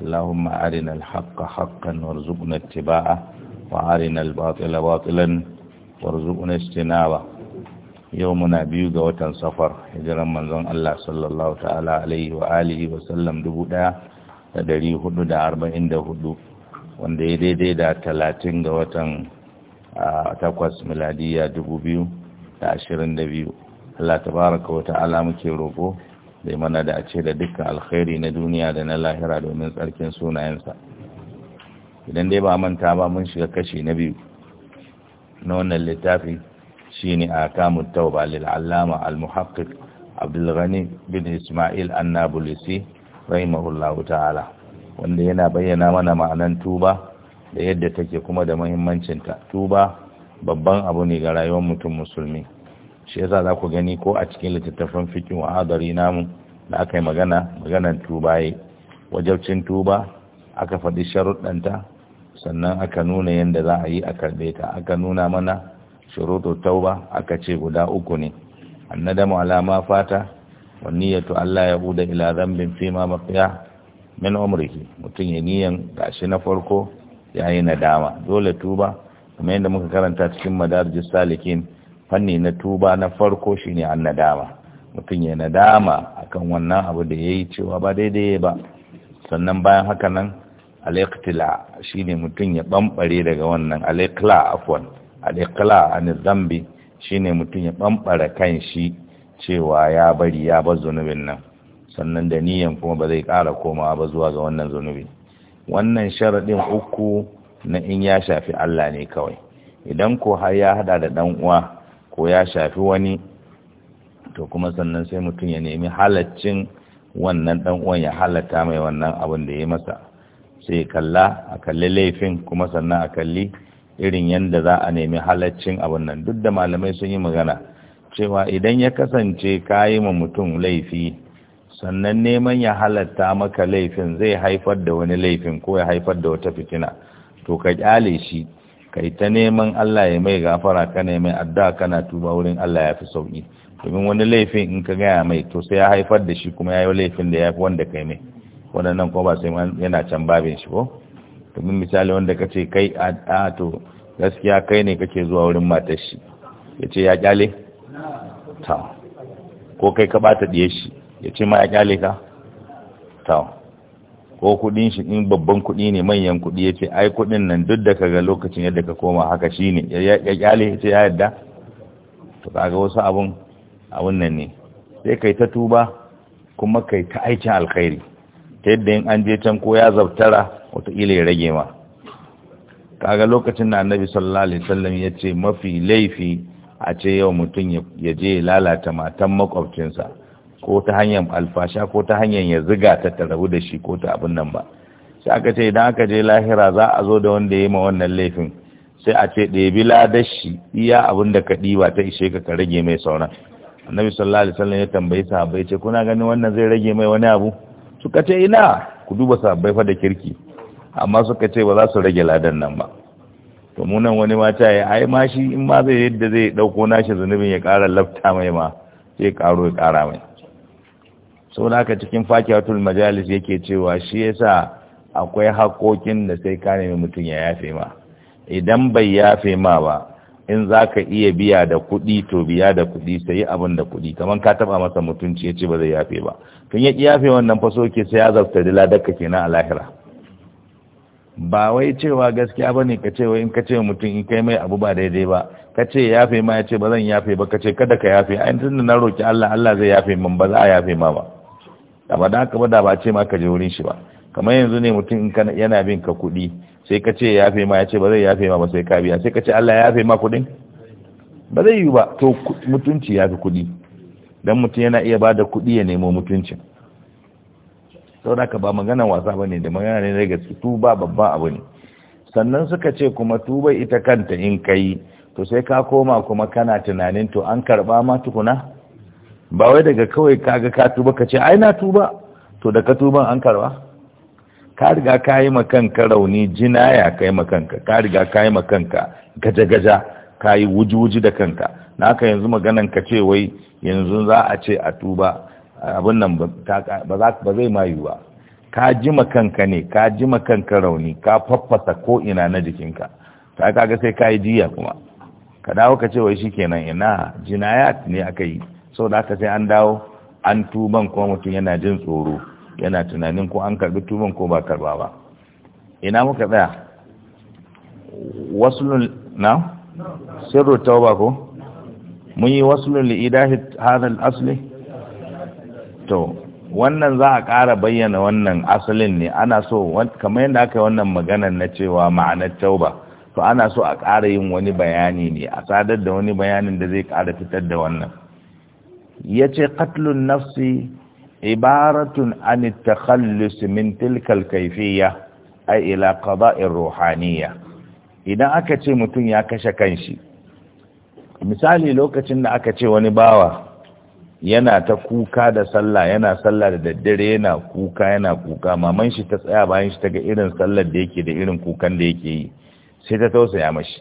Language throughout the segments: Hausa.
اللهم أرنا الحق حقا وارزقنا اتباعه وأرنا الباطل باطلا وارزقنا اجتنابه يومنا بيو ga watan safar hijiran manzon Allah sallallahu ta'ala alaihi wa alihi wa sallam 1444 wanda ya daidai da talatin ga watan takwas miladiya 2022 Allah tabaraka wa ta'ala muke roƙo zai mana da a ce da dukkan alkhairi na duniya da na lahira domin tsarkin sunayensa idan dai ba manta ba mun shiga kashi na biyu na wannan littafi shine a kamun tauba lil'allama al-muhaqqiq abdulghani bin ismail annabulisi rahimahullahu ta'ala wanda yana bayyana mana ma'anan tuba da yadda take kuma da muhimmancinta tuba babban abu ne ga rayuwar mutum musulmi shi yasa za ku gani ko a cikin littattafan fikin wa'adari namu da aka yi magana maganan tuba yi wajabcin tuba aka faɗi sharuɗanta sannan aka nuna yadda za a yi a karɓe ta aka nuna mana shuruɗu tauba aka ce guda uku ne annadamu alama fata wa niyyatu Allah ya buɗe ila zambin fima mafiya min umrihi mutum ya niyan gashi na farko ya yi nadama dole tuba kuma yadda muka karanta cikin madarijin salikin fanni na tuba na farko shine an nadama mutum ya nadama akan wannan abu da yayi cewa ba daidai ba sannan bayan haka nan al shine mutum ya bambare daga wannan al-iqla afwan al an zambi shine mutum ya bambara kan shi cewa ya bari ya bar zunubin nan sannan da niyan kuma ba zai kara komawa ba zuwa ga wannan zunubi wannan sharadin uku na in ya shafi Allah ne kawai idan ko har ya hada da dan uwa ko ya shafi wani to kuma sannan sai mutum ya nemi halaccin wannan dan uwan ya halatta mai wannan abin da ya masa sai kalla a kalli laifin kuma sannan a kalli irin yanda za a nemi halaccin abin nan duk da malamai sun yi magana cewa idan ya kasance kayi ma mutum laifi sannan neman ya halatta maka laifin zai haifar da wani laifin ko ya haifar da wata fitina to ka kyale shi kai ta neman Allah ya mai gafara kana mai adda kana tuba wurin Allah ya fi sauki domin wani laifin in ka gaya mai to sai ya haifar da shi kuma ya yi laifin da ya fi wanda kai mai waɗannan ko ba sai yana can babin shi ko domin misali wanda ka ce kai a to gaskiya kai ne kake zuwa wurin matar shi ya ce ya kyale ta ko kai ka bata diye shi ya ce ma ya kyale ka ta ko kuɗin shi in babban kuɗi ne manyan kuɗi ya ce ai kudin nan duk da kaga lokacin yadda ka koma haka shi ne ya kyale ya ce ya yadda to kaga wasu abun abun nan ne sai kai ta tuba kuma kai ta aikin alkhairi ta yadda in an je can ko ya zabtara wata ila ya rage ma kaga lokacin da annabi sallallahu alaihi wasallam ya ce mafi laifi a ce yau mutum ya je lalata matan makwabcinsa ko ta hanyar alfasha ko ta hanyar ya ziga ta tarabu da shi ko ta abin nan ba sai aka ce idan aka je lahira za a zo da wanda ya yi ma wannan laifin sai a ce ɗebi ladar shi iya abin da ka ɗiba ta ishe ka ka rage mai sauran annabi sallallahu alaihi wasallam ya tambayi sahabbai ce kuna ganin wannan zai rage mai wani abu suka ce ina ku duba sahabbai fa da kirki amma suka ce ba za su rage ladan nan ba to mu nan wani mata ya ai ma shi in ma zai yadda zai dauko nashi zunubin ya ƙara lafta mai ma sai karo ƙaro ya ƙara mai suna ka cikin fakiyatul majalis yake cewa shi yasa akwai hakokin da sai ka nemi mutum ya yafe ma idan bai yafe ma ba in zaka iya biya da kuɗi to biya da kuɗi sai abin da kuɗi kamar ka taɓa masa mutunci ya ce ba zai yafe ba tun ya yafe wannan faso ke sai ya zafta da ladaka kenan a lahira ba wai cewa gaskiya bane ka ce wai in ka ce mutum in kai mai abu ba daidai ba ka ce yafe ma ya ce ba zan yafe ba ka ce kada ka yafe a yanzu na roki Allah Allah zai yafe min ba za a yafe ma ba da ba da haka ba da ba ce ma ka je wurin shi ba kamar yanzu ne mutum in yana bin ka kuɗi sai ka ce ya fi ma ya ce ba zai ya fi ma ba sai ka biya sai ka ce Allah ya fi ma kuɗin ba zai yi ba to mutunci ya fi kuɗi don mutum yana iya ba da kuɗi ya nemo mutuncin sau da ba maganan wasa ba ne da magana ne na gaske tuba babban abu ne sannan suka ce kuma tuba ita kanta in ka yi to sai ka koma kuma kana tunanin to an karɓa ma tukuna ba wai daga kawai kaga ka tuba ka ce ai na tuba to da ka tuban an karba ka riga ka yi ma kanka rauni jinaya ka yi ma kanka, ka riga ka yi kanka gaja-gaja ka yi wuji-wuji da kanka na haka yanzu maganan ka ce wai yanzu za a ce a tuba abin nan ba zai mayu ba ka ji ma kanka ne ka ji ma kanka rauni ka faffasa ko ina na jikinka ta kaga sai ka yi jiya kuma ka dawo ka ce wai shikenan ina jinayat ne aka yi sau da aka sai an dawo an tuban kuma mutum yana jin tsoro yana tunanin ko an karbi tuban ko ba karba ba ina muka tsaya wasulun na sirru tauba ko mun yi wasulun li'idahi hadal asli to wannan za a ƙara bayyana wannan asalin ne ana so kamar yadda aka yi wannan maganar na cewa ma'anar tauba to ana so a ƙara yin wani bayani ne a sadar da wani bayanin da zai ƙara fitar da wannan Ya ce qatlun nafsi ibaratun an at-takhallus min tilka al-kayfiyya ila qada'ir ruhaniyya idan aka ce mutum ya kashe kanshi misali lokacin da aka ce wani bawa yana ta kuka da sallah yana sallah da daddare yana kuka yana kuka maman shi ta tsaya bayan shi taga irin sallar da yake da irin kukan da yake yi sai ta tausaya mashi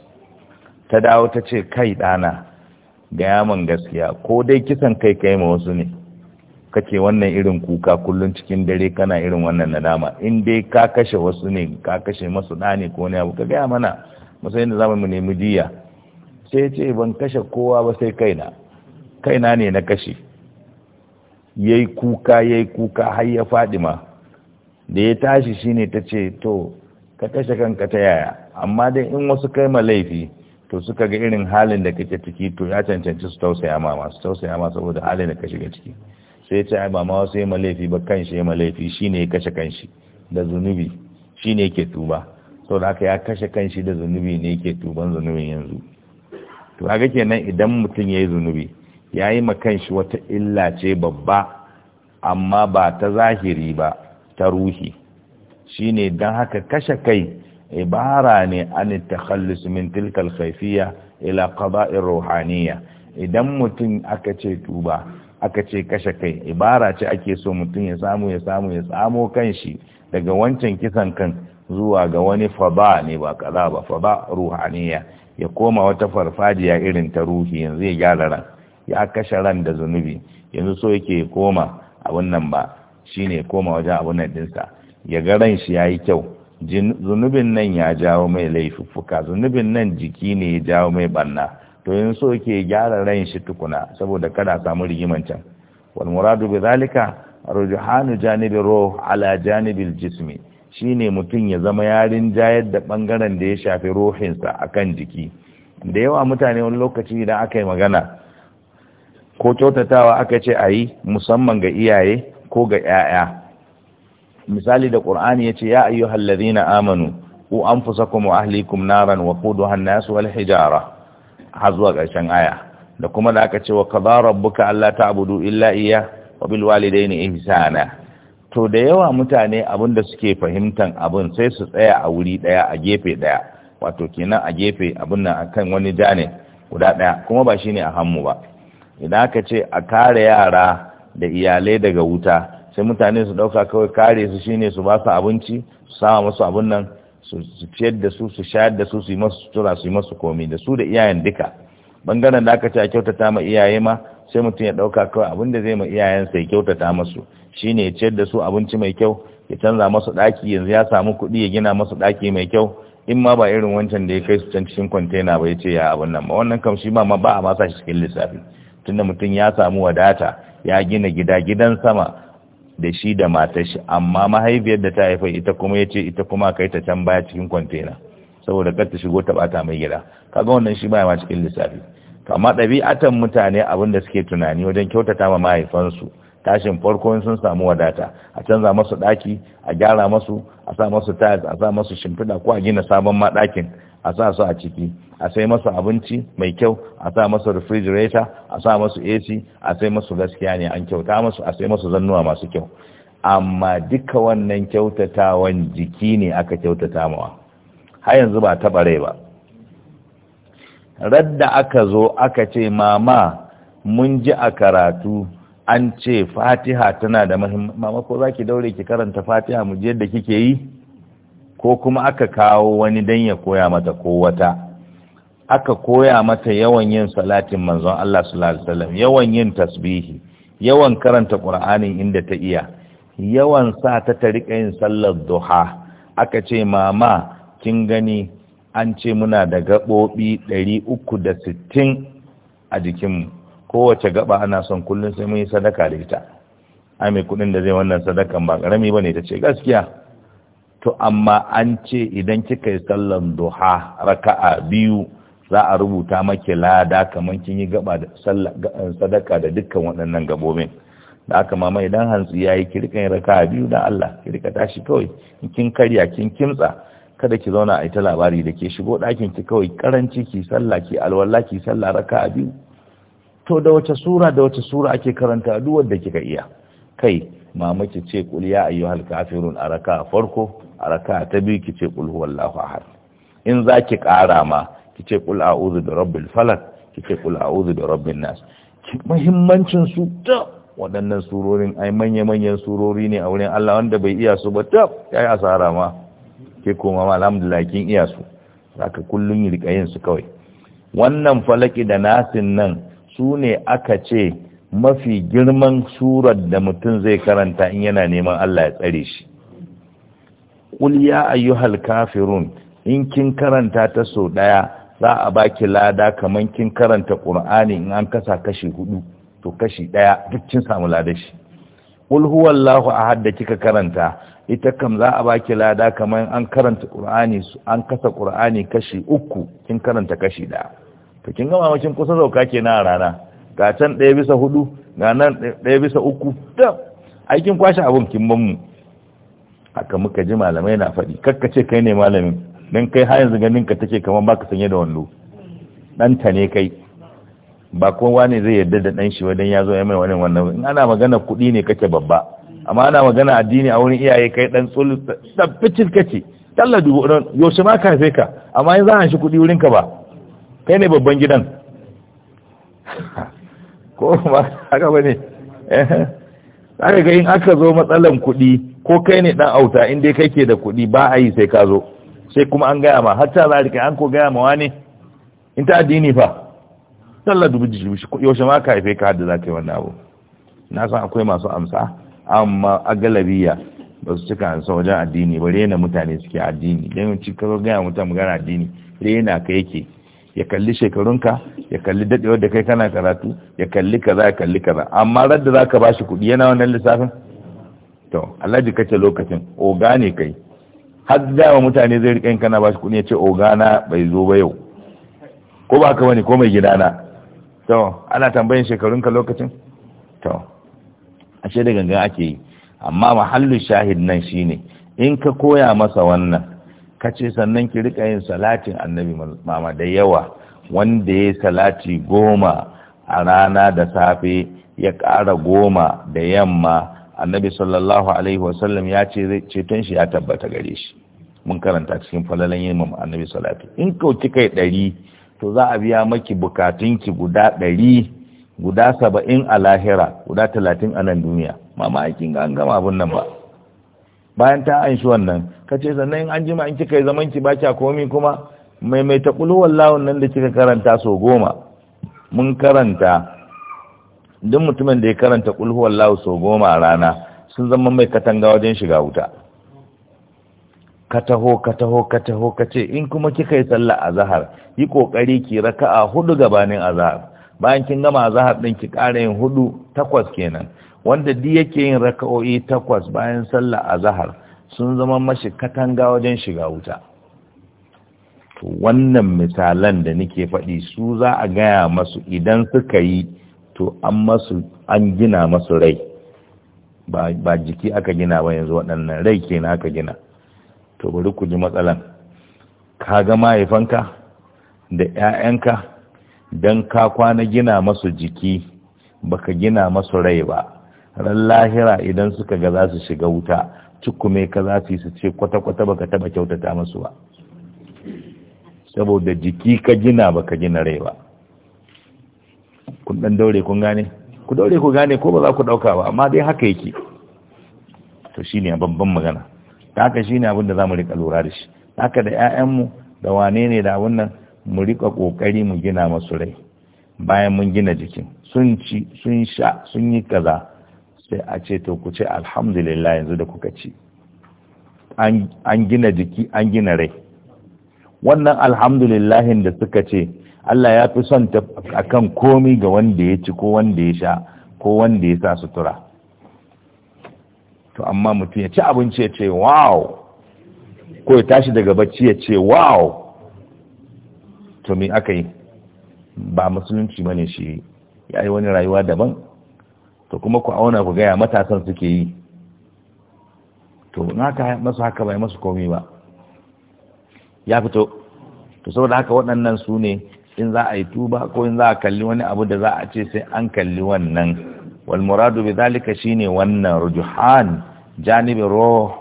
ta dawo ta ce kai dana gaya gaskiya ko dai kisan kai kai ma wasu ne kace wannan irin kuka kullun cikin dare kana irin wannan nadama in dai ka kashe wasu ne ka kashe masu da ne ko ne abu ka gaya mana musayin inda zamu nemi diya sai ce ban kashe kowa ba sai kaina kaina ne na kashe yayi kuka yayi kuka har ya ma da ya tashi shine tace to ka kashe kanka ta yaya amma dai in wasu kai ma laifi to suka ga irin halin da kake ciki to ya cancanci su tausaya ma masu tausaya ma saboda halin da ka shiga ciki sai ce ai ba ma wasu yamma laifi ba kan shi yamma laifi shi ne ya kashe kanshi da zunubi shi ne ke tuba da haka ya kashe kanshi da zunubi ne ke tuban zunubin yanzu to haka kenan idan mutum ya yi zunubi ya yi ma kanshi wata illa ce babba amma ba ta zahiri ba ta ruhi shine don haka kashe kai ibara ne an takhallus min tilka al ila qada'i ruhaniyya idan mutum aka ce tuba aka ce kashe kai ibara ce ake so mutum ya samu ya samu ya tsamo kanshi daga wancan kisan kan zuwa ga wani faba ne ba kaza ba faba ruhaniya ya koma wata farfajiya irin ta ruhi yanzu ya gyara ran ya kashe ran da zunubi yanzu so yake koma abun nan ba shine koma wajen abun nan dinsa ya ga ran shi yayi kyau zunubin nan ya jawo mai laifuffuka zunubin nan jiki ne ya jawo mai barna to yin so ke gyara rayin shi tukuna saboda kada samu rigiman can wal muradu bi zalika rujuhanu janibi ruh ala janibil jismi shine mutum ya zama yarin jayar da bangaren da ya shafi ruhinsa akan jiki da yawa mutane wani lokaci idan aka yi magana ko kyautatawa aka ce a yi musamman ga iyaye ko ga 'ya'ya misali da ya ce ya ayyuhal ladhina amanu ku anfusakum wa ahlikum naran wa quduha an-nas wal hijara har zuwa ƙarshen aya da kuma da aka ce wa Allah rabbuka alla ta'budu illa iya wa bil walidayni ihsana to da yawa mutane abin da suke fahimtan abin sai su tsaya a wuri daya a gefe daya wato kenan a gefe abin nan akan wani jane guda daya kuma ba shine a hannu ba idan aka ce a kare yara da iyalai daga wuta sai mutane su dauka kawai kare su shine su ba su abinci su sama musu abun nan su ciyar da su su shayar da su su yi masu sutura su yi masu komi da su da iyayen duka bangaren da aka ce a kyautata ma iyaye ma sai mutum ya dauka kawai abin da zai ma iyayen ya kyautata masu shine ya ciyar da su abinci mai kyau ya canza masu daki yanzu ya samu kuɗi ya gina masu daki mai kyau in ma ba irin wancan da ya kai su can cikin kwantena ba ya ce ya abin nan ba wannan kam shi ma ba a masa shi cikin lissafi tunda mutum ya samu wadata ya gina gida gidan sama da shi da matar shi amma mahaifiyar da ta haifa ita kuma ya ce ita kuma kai ta can baya cikin kwantena saboda kar ta shigo ta bata mai gida kaga wannan shi baya ma cikin lissafi to amma ɗabi'atan mutane abin da suke tunani wajen kyautata ma mahaifansu tashin farko sun samu wadata a canza masu ɗaki a gyara masu a sa masu tiles a sa masu shimfiɗa ko a gina sabon ma ɗakin a sa su a ciki a sai masu abinci mai kyau a sa masu refrigerator a sa masu AC a sai masu gaskiya ne an kyauta masu a sai masu zannuwa masu kyau amma duka wannan kyautatawan jiki ne aka kyautata mawa har yanzu ba taɓa rai ba radda aka zo aka ce mama mun ji a karatu an ce fatiha tana da mahimmanci mama ko za ki daure ki karanta fatiha mu ji yadda kike yi ko kuma aka kawo wani dan ya koya mata ko wata aka koya mata yawan yin salatin manzon Allah sallallahu alaihi wasallam yawan yin tasbihi yawan karanta qur'ani inda ta iya yawan sa ta ta rika yin sallar duha aka ce mama kin gani an ce muna da gaɓoɓi 360 a jikinmu kowace gaba ana son kullum sai mun yi sadaka da ita ai mai kudin da zai wannan sadakan ba karami bane ta ce gaskiya to amma an ce idan kika yi sallan duha raka'a biyu za a rubuta maki lada kamar kin yi gaba da eh, sadaka da dukkan waɗannan gabobin da aka mama idan hantsi ya yi kirkan yin raka'a biyu da Allah kirka tashi kawai kin karya kin kimtsa kada ki zauna a ta labari da ke shigo ɗakin ki kawai karanci ki sallah ki alwala ki sallah raka'a biyu to da wace sura da wace sura ake karanta duk wanda kika iya kai mamaki ce kul ya ayyuhal kafirun a raka'a farko a raka ta biyu ki ce qul huwallahu ahad in za ki ƙara ma ki ce qul a'udhu bi rabbil falaq ki ce qul a'udhu bi rabbin nas muhimmancin su ta waɗannan surorin ai manya-manyan surori ne a wurin Allah wanda bai iya su ba ta ya yi asara ma ke koma ma alhamdulillah kin iya su zaka kullun yi rika yin su kawai wannan falaki da nasin nan su ne aka ce mafi girman surar da mutum zai karanta in yana neman Allah ya tsare shi kul ya ayyuhal kafirun in kin karanta ta so daya za a baki lada kaman kin karanta qur'ani in an kasa kashi hudu to kashi daya duk kin samu lada shi qul huwallahu ahad da kika karanta ita kam za a baki lada kaman an karanta qur'ani an kasa qur'ani kashi uku kin karanta kashi daya to kin gama makin kusa zauka kenan a rana ga can daya bisa hudu ga nan daya bisa uku aikin kwashe abun kin mamu. haka muka ji malamai na faɗi ce kai ne malamin don kai har yanzu ganin ka take kamar baka sanye da wando ta ne kai ba kowa ne zai yarda da dan shi wadan ya zo ya mai wani wannan in ana magana kuɗi ne kake babba amma ana magana addini a wurin iyaye kai ɗan tsolu ɗan kace talla dubu don. yaushe ma ka ka amma yanzu a shi kuɗi wurin ka ba kai ne babban gidan ko ba haka bane eh, eh. ga in aka zo matsalan kuɗi ko kai ne dan auta in dai kake da kuɗi ba a yi sai ka zo sai kuma an gaya ma hatta za ka an ko gaya ma wani in ta addini fa sallah dubu jishi yaushe ma ka haife ka hadda za ka yi wannan abu na san akwai masu amsa amma a galabiya ba su cika amsa wajen addini ba rena mutane suke addini don yawanci ka gaya mutum magana addini rena ka yake ya kalli shekarunka ya kalli daɗewar da kai kana karatu ya kalli kaza ya kalli kaza amma radda za ka ba shi kuɗi yana wannan lissafin to alhaji kace lokacin oga ne kai har dama mutane zai rika kana ba shi kuɗi ya ce oga na bai zo ba yau ko ba ka bane ko mai gidana to ana tambayin shekarunka lokacin to ashe da gangan ake yi amma mahallu shahid nan shine in ka koya masa wannan kace sannan ki rika yin salatin annabi mama da yawa wanda ya salati goma a rana da safe ya ƙara goma da yamma annabi sallallahu alaihi wasallam ya ce ceton shi ya tabbata gare shi mun karanta cikin falalan yin mam annabi salatu in kauci kai ɗari to za a biya maki bukatunki guda ɗari guda saba'in a lahira guda talatin a nan duniya mamakin ga an gama abin nan ba bayan ta an shi wannan ka ce sannan an jima in kika yi zaman ki ba kya komi kuma mai mai taɓulu nan da kika karanta so goma mun karanta duk mutumin da ya karanta Kulhuwar wallahu sau goma a rana sun zama mai katanga wajen shiga wuta ka taho ka taho in kuma kika yi sallah a zahar, yi kokari ki raka'a hudu gabanin azhar bayan kin gama zahar ɗin ki ƙara yin hudu takwas kenan wanda di yake yin raka'o'i takwas bayan sallah zahar, sun zama mashi katanga wajen shiga wuta wannan misalan da nake faɗi su za a gaya masu idan suka yi to an masu an gina masu rai ba jiki aka gina ba yanzu waɗannan rai kenan aka gina to bari ku ji matsalan ka ga mahaifanka da 'ya'yanka don ka kwana gina masu jiki baka gina masu rai ba ran lahira idan suka ga za su shiga wuta cikume ka za su yi su ce kwata-kwata baka taba kyautata masu ba saboda jiki ka gina baka gina rai ba kun dan daure kun gane ku daure ku gane ko ba za ku dauka ba amma dai haka yake to shine babban magana Da haka shine abin da zamu rika lura da shi haka da mu da wane ne da wannan mu rika kokari mu gina masu rai bayan mun gina jikin sun ci sun sha sun yi kaza sai a ce to ku ce alhamdulillah yanzu da kuka ci an gina jiki an gina rai wannan alhamdulillahin da suka ce Allah ya fi son ta kan komi ga wanda ya ci ko wanda ya sha ko wanda ya sa sutura to amma mutum ya ci abinci ya ce wow ko ya tashi daga bacci ya ce wow to me aka yi ba musulunci ne shi ya yi wani rayuwa daban to kuma ku auna ku gaya matasan suke yi to na ka masu haka bai masu komi ba ya fito to saboda haka waɗannan su ne in za a yi tuba ko in za a kalli wani abu da za a ce sai an kalli wannan wal muradu bi zalika shine wannan rujuhan janibi ruh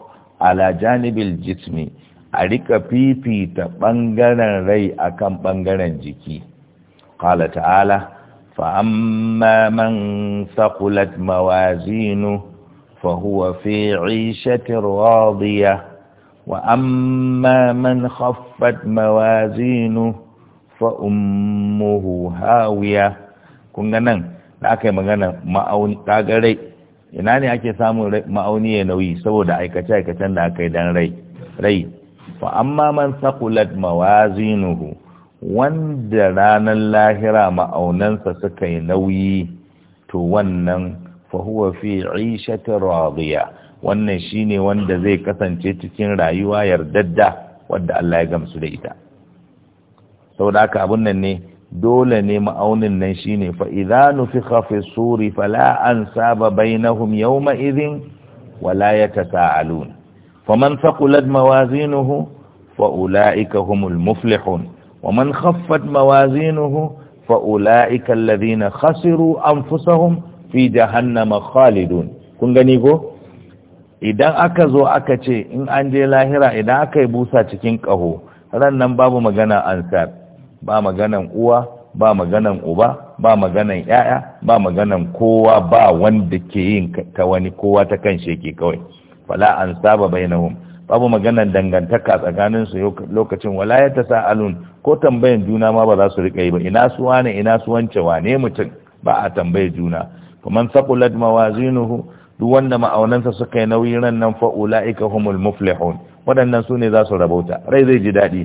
ala janibil jismi a rika fifita bangaren rai akan bangaren jiki qala ta'ala fa amma man saqulat mawazinu fa huwa fi 'ishatin radiyah wa amma man khaffat mawazinu fa ummuhu hawiya kun ga nan da aka yi magana ma'auni kaga rai ina ne ake samun ma'auni ya nauyi saboda aikace aikacen da aka yi dan rai rai fa amma man saqulat mawazinuhu wanda ranar lahira ma'aunansa suka yi nauyi to wannan fa huwa fi 'ishati radiya wannan shine wanda zai kasance cikin rayuwa yardadda wadda Allah ya gamsu da ita saboda haka abun nan ne dole ne ma'aunin nan shine fa idza nufikha hafi suri fala ansaba bainahum yauma idhin wala yatasaalun faman thaqulat mawazinuhu fa ulaika humul muflihun waman khaffat mawazinuhu fa ulaika alladhina khasiru anfusahum fi jahannama khalidun kun gani ko idan aka zo aka ce in an je lahira idan aka yi busa cikin ƙaho ran nan babu magana ansar ba maganan uwa ba maganan uba ba maganan yaya ba maganan kowa ba wanda ke yin ta wani kowa ta kan sheke kawai fala an saba bainahum babu maganan dangantaka tsakanin su lokacin wala ya sa'alun ko tambayan juna ma ba za su rika yi ba ina su wane ina su wance wane mutum ba a tambaye juna kuma saqulat mawazinuhu duk wanda ma'aunansa suka yi nauyin ran nan fa ulaika humul muflihun waɗannan su ne za su rabauta rai zai ji daɗi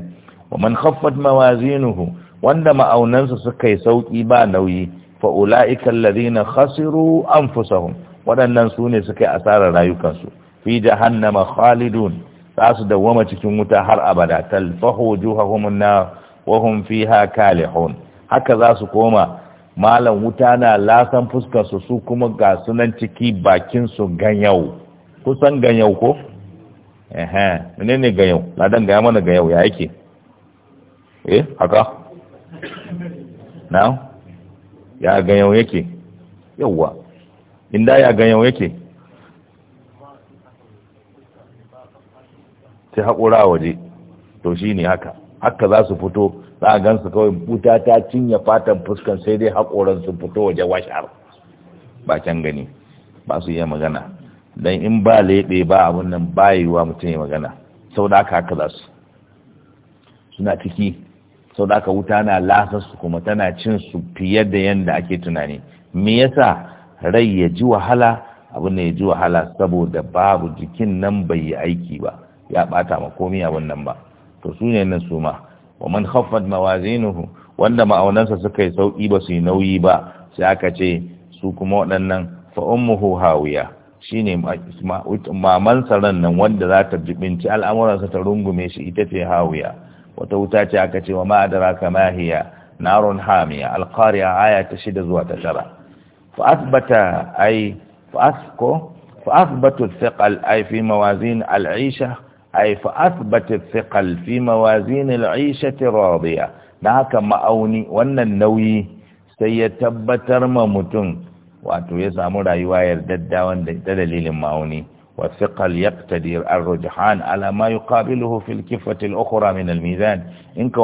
wa man khaffat mawazinuhu wanda ma'aunansa suka yi sauki ba nauyi fa ulaika alladhina khasiru anfusahum wadannan sune suka yi asarar rayukansu fi jahannama khalidun za su dawwama cikin wuta har abada talfahu wujuhahum an wa hum fiha kalihun haka za su koma malam wuta na lasan fuskar su su kuma ga sunan ciki bakin su ganyau kusan ganyau ko eh eh menene ganyau ladan ga mana ganyau ya yake eh haka ya ganyau yake yauwa inda ya ganyau yake ta haƙura a waje to shi ne haka haka za su fito za a gansu kawai buta ta cinye fatan fuskan sai dai haƙoran su fito waje washar bakin gani ba su iya magana don in ba leɗe ba abin nan bayewa mutum ya magana sau da haka haka za su suna ciki sau da aka wuta na lasarsu kuma tana cin su fiye da yadda ake tunani me yasa rai ya ji wahala abin da ya ji wahala saboda babu jikin nan bai yi aiki ba ya bata ma komi abin nan ba to su ne nan su ma wa man khaffat mawazinuhu wanda ma'aunansa suka yi sauki ba su yi nauyi ba sai aka ce su kuma waɗannan fa ummuhu hawiya shine mamansa ran nan wanda za ta jibinci al'amuransa ta rungume shi ita ce hawiya وتوتاتي عكتي وما أدراك ما هي نار حامية القارية آية تشد زوة تشرة فأثبت أي فأثكو فأثبت الثقل أي في موازين العيشة أي فأثبت الثقل في موازين العيشة راضية ناك مأوني وأن النوي سيتبتر ممتن واتو يسامو رأيوا يرددا وان دليل مأوني والثقل يقتدي الرجحان على ما يقابله في الكفة الأخرى من الميزان إنك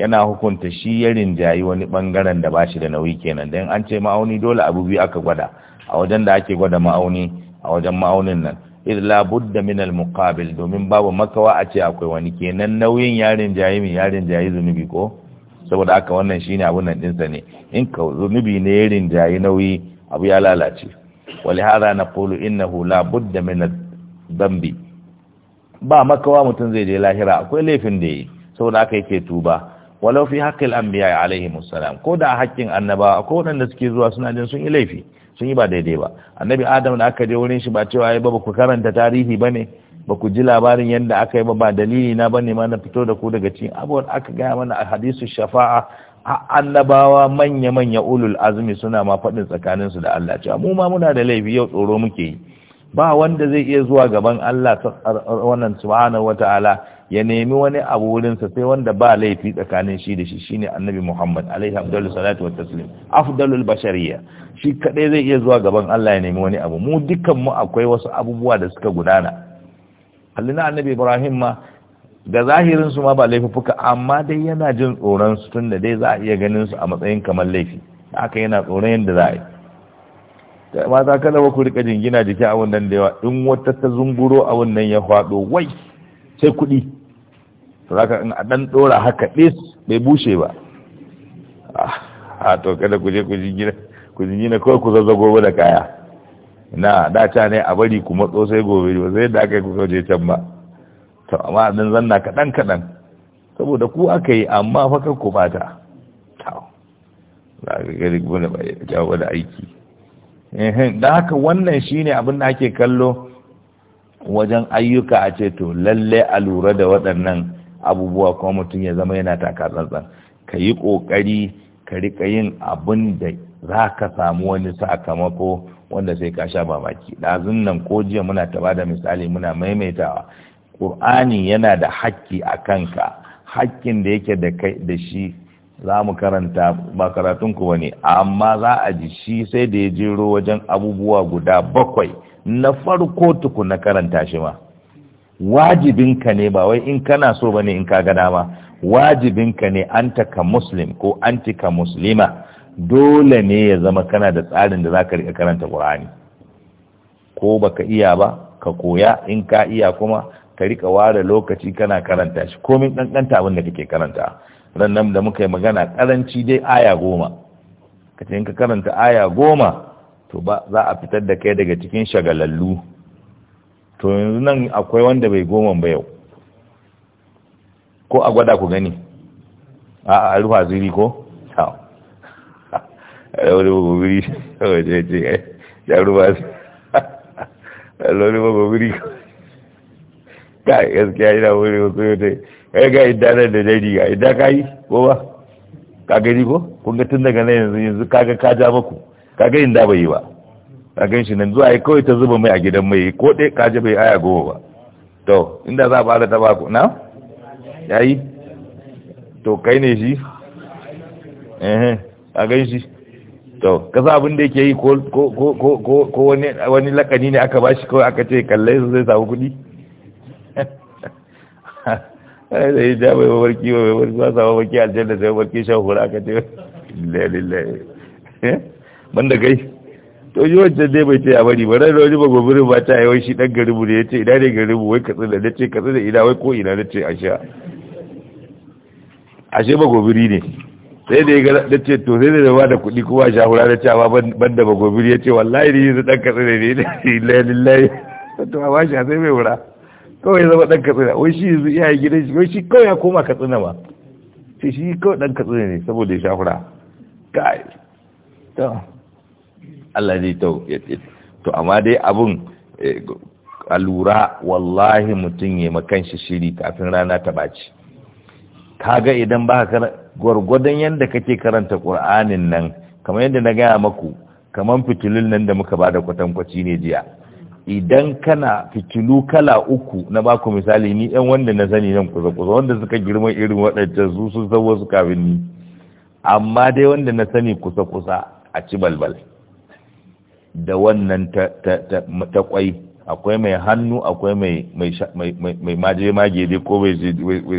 yana hukunta shi ya rinjayi wani bangaren da bashi da nauyi kenan dan an ce ma'auni dole abu biyu aka gwada a wajen da ake gwada ma'auni a wajen ma'aunin nan idh la budda min al muqabil domin babu makawa a ce akwai wani kenan nauyin ya rinjayi mi ya zunubi ko saboda haka wannan shine abun dinsa ne in ka zunubi ne ya rinjayi nauyi abu ya lalace ولهذا نقول إنه لا بد من الذنب ba makawa mutum zai je lahira akwai laifin da yi saboda aka yi yake tuba walau fi haqqil anbiya alaihi musallam ko da haƙƙin annabawa ko waɗanda suke zuwa suna jin sun yi laifi sun yi ba daidai ba annabi adam da aka je wurin shi ba cewa ai ba ku karanta tarihi bane ba ku ji labarin yadda aka yi ba ba dalili na bane ma na fito da ku daga cikin abubuwan aka gaya mana a hadisu shafa'a annabawa manya-manya ulul azumi suna ma faɗin tsakaninsu da Allah cewa mu ma muna da laifi yau tsoro muke yi ba wanda zai iya zuwa gaban Allah wannan subhanahu wata'ala ya nemi wani abu wurinsa sai wanda ba laifi tsakanin shi da shi shine annabi Muhammad alaihi afdalus salatu wa taslim afdalul bashariyya shi kadai zai iya zuwa gaban Allah ya nemi wani abu mu dukkan mu akwai wasu abubuwa da suka gudana hallina annabi Ibrahim ma da zahirin su ma ba laifuka, amma dai yana jin tsoron su tunda dai za a iya ganin su a matsayin kamar laifi haka yana tsoron yadda za a yi da mata kada ba ku rika jingina jiki a wannan da yawa in wata ta zunguro a wannan ya faɗo wai sai kuɗi to zaka in a ɗan ɗora haka dis bai bushe ba Ah a to kada ku je ku jingina ku jingina kawai ku zazzago da kaya na da ta ne a bari ku matso sai gobe ba sai da aka yi ku kauje can ba to amma din zanna kaɗan kaɗan saboda ku aka yi amma fa ku bata to za ka gari gona ba jawo da aiki da haka wannan shine abin da ake kallo wajen ayyuka a ce to lalle a lura da waɗannan abubuwa kuma mutum ya zama yana taka tsantsan ka yi ƙoƙari ka riƙa yin abin da za ka samu wani sakamako wanda sai ka sha mamaki ɗazun nan ko jiya muna ta da misali muna maimaitawa ƙur'ani yana da hakki a kanka hakkin da yake da shi za mu karanta ba karatunku ba ne amma za a ji shi sai da ya jero wajen abubuwa guda bakwai na farko tuku na karanta shi ma wajibinka ne ba wai in kana so ba ne in ka ga dama wajibinka ne antaka muslim ko antika muslima dole ne ya zama kana da tsarin da za ka riƙa karanta ƙur'ani ko baka iya ba ka koya in ka iya kuma ka rika ware lokaci kana karanta shi komin ɗanɗanta abin da kake karanta ran nan da muka yi magana karanci dai aya goma ka ce ka karanta aya goma to ba za a fitar da kai daga cikin shagalallu to yanzu nan akwai wanda bai goma ba yau ko a gwada ku gani a a rufa ziri ko? ya rufa ziri kai gaskiya ina wuri wasu yau kai ga idda na da dari ga idda ka yi ko ba ka gani ko kun ga tun daga nan yanzu yanzu kaga ka ja maku ga inda bai yi ba ka gan shi nan zuwa yi kawai ta zuba mai a gidan mai ko dai kaja bai aya goma ba to inda za a ba da taba ku na ya yi to kai ne shi eh a gan shi to kasa abin da yake yi ko wani lakani ne aka ba shi kawai aka ce kallai su zai samu kuɗi da ita bai mawarki ba bai mawarki ba sa mawarki aljanna sai mawarki shan hura ka ce lalilai eh, ban da kai to yi wancan dai bai ce a bari ba rai rauni wani magobirin ba ta yawai shi ɗan garibu da ya ce ina ne garibu wai katsi da na ce katsi da ina wai ko ina na ce a sha ashe magobiri ne sai da ya na ce to sai da ba da kuɗi kuma sha hura na ce amma ban da magobiri ya ce wallahi ne yanzu ɗan katsi da ne lillahi lillahi to a ba shi a sai mai hura kawai zama dan katsina wai shi yanzu iyaye gidan shi wai shi kawai ya koma katsina ba sai shi kawai dan katsina ne saboda ya shafura kai to Allah zai to to amma dai abun eh, a lura wallahi mutum ya makan shi shiri kafin rana ta baci kaga idan ba ka gwargwadon yadda kake karanta ƙur'anin nan kamar yadda na gaya maku kamar fitilun nan da muka ba da kwatankwaci ne jiya idan kana fitilu kala uku na baku misali ni yan wanda na sani nan kusa kusa wanda suka girma irin waɗancan su sun san wasu kafin ni amma dai wanda na sani kusa kusa a ci balbal da wannan ta kwai akwai mai hannu akwai mai mai maje mage dai ko mai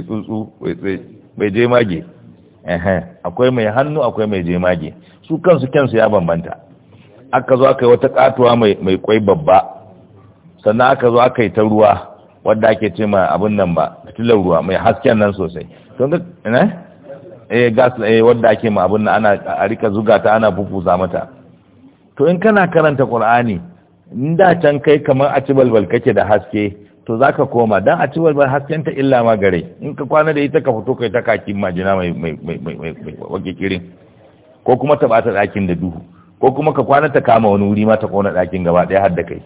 tsuntsu mai je mage akwai mai hannu akwai mai je mage su kansu kansu ya bambanta aka zo aka yi wata katuwa mai kwai babba sannan aka zo aka yi ta ruwa wadda ake ce ma abin nan ba fitilar ruwa mai hasken nan sosai don ga ne eh gas eh wadda ake ma abin nan ana a rika zuga ta ana fufusa mata to in kana karanta qur'ani in da can kai kamar a ci balbal kake da haske to zaka koma dan a ci balbal hasken ta illa ma gare in ka kwana da ita ka fito kai ta kakin majina mai mai mai mai wake kirin ko kuma ta bata dakin da duhu ko kuma ka kwana ta kama wani wuri ma ta kona dakin gaba daya har da kai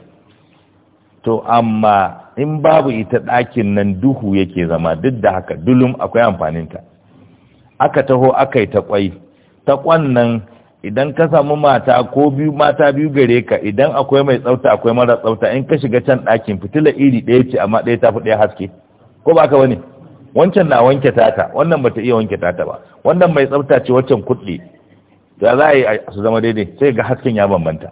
to amma in babu ita ɗakin nan duhu yake zama duk da haka dulum akwai amfaninta aka taho aka yi ta kwai ta kwan nan idan ka samu mata ko biyu mata biyu gare ka idan akwai mai tsafta akwai mara tsafta in ka shiga can ɗakin fitila iri ɗaya ce amma ɗaya ta fi ɗaya haske ko ba ka wani wancan na wanke tata wannan bata iya wanke tata ba wannan mai tsafta ce waccan kuɗi da za a yi su zama daidai sai ga hasken ya bambanta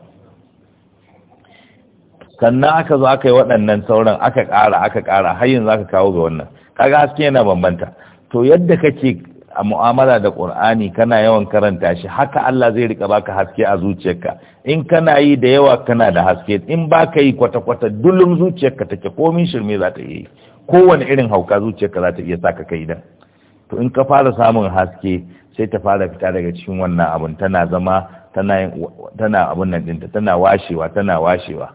sannan aka zo aka yi waɗannan sauran aka ƙara aka ƙara har yanzu aka kawo ga wannan kaga haske yana bambanta to yadda kake a mu'amala da ƙur'ani kana yawan karanta shi haka Allah zai rika baka haske a zuciyarka in kana yi da yawa kana da haske in baka yi kwata-kwata dullum zuciyarka take komin shirme za ta yi kowane irin hauka zuciyarka za ta iya ka kai dan to in ka fara samun haske sai ta fara fita daga cikin wannan abun tana zama tana tana abun nan dinta tana washewa tana washewa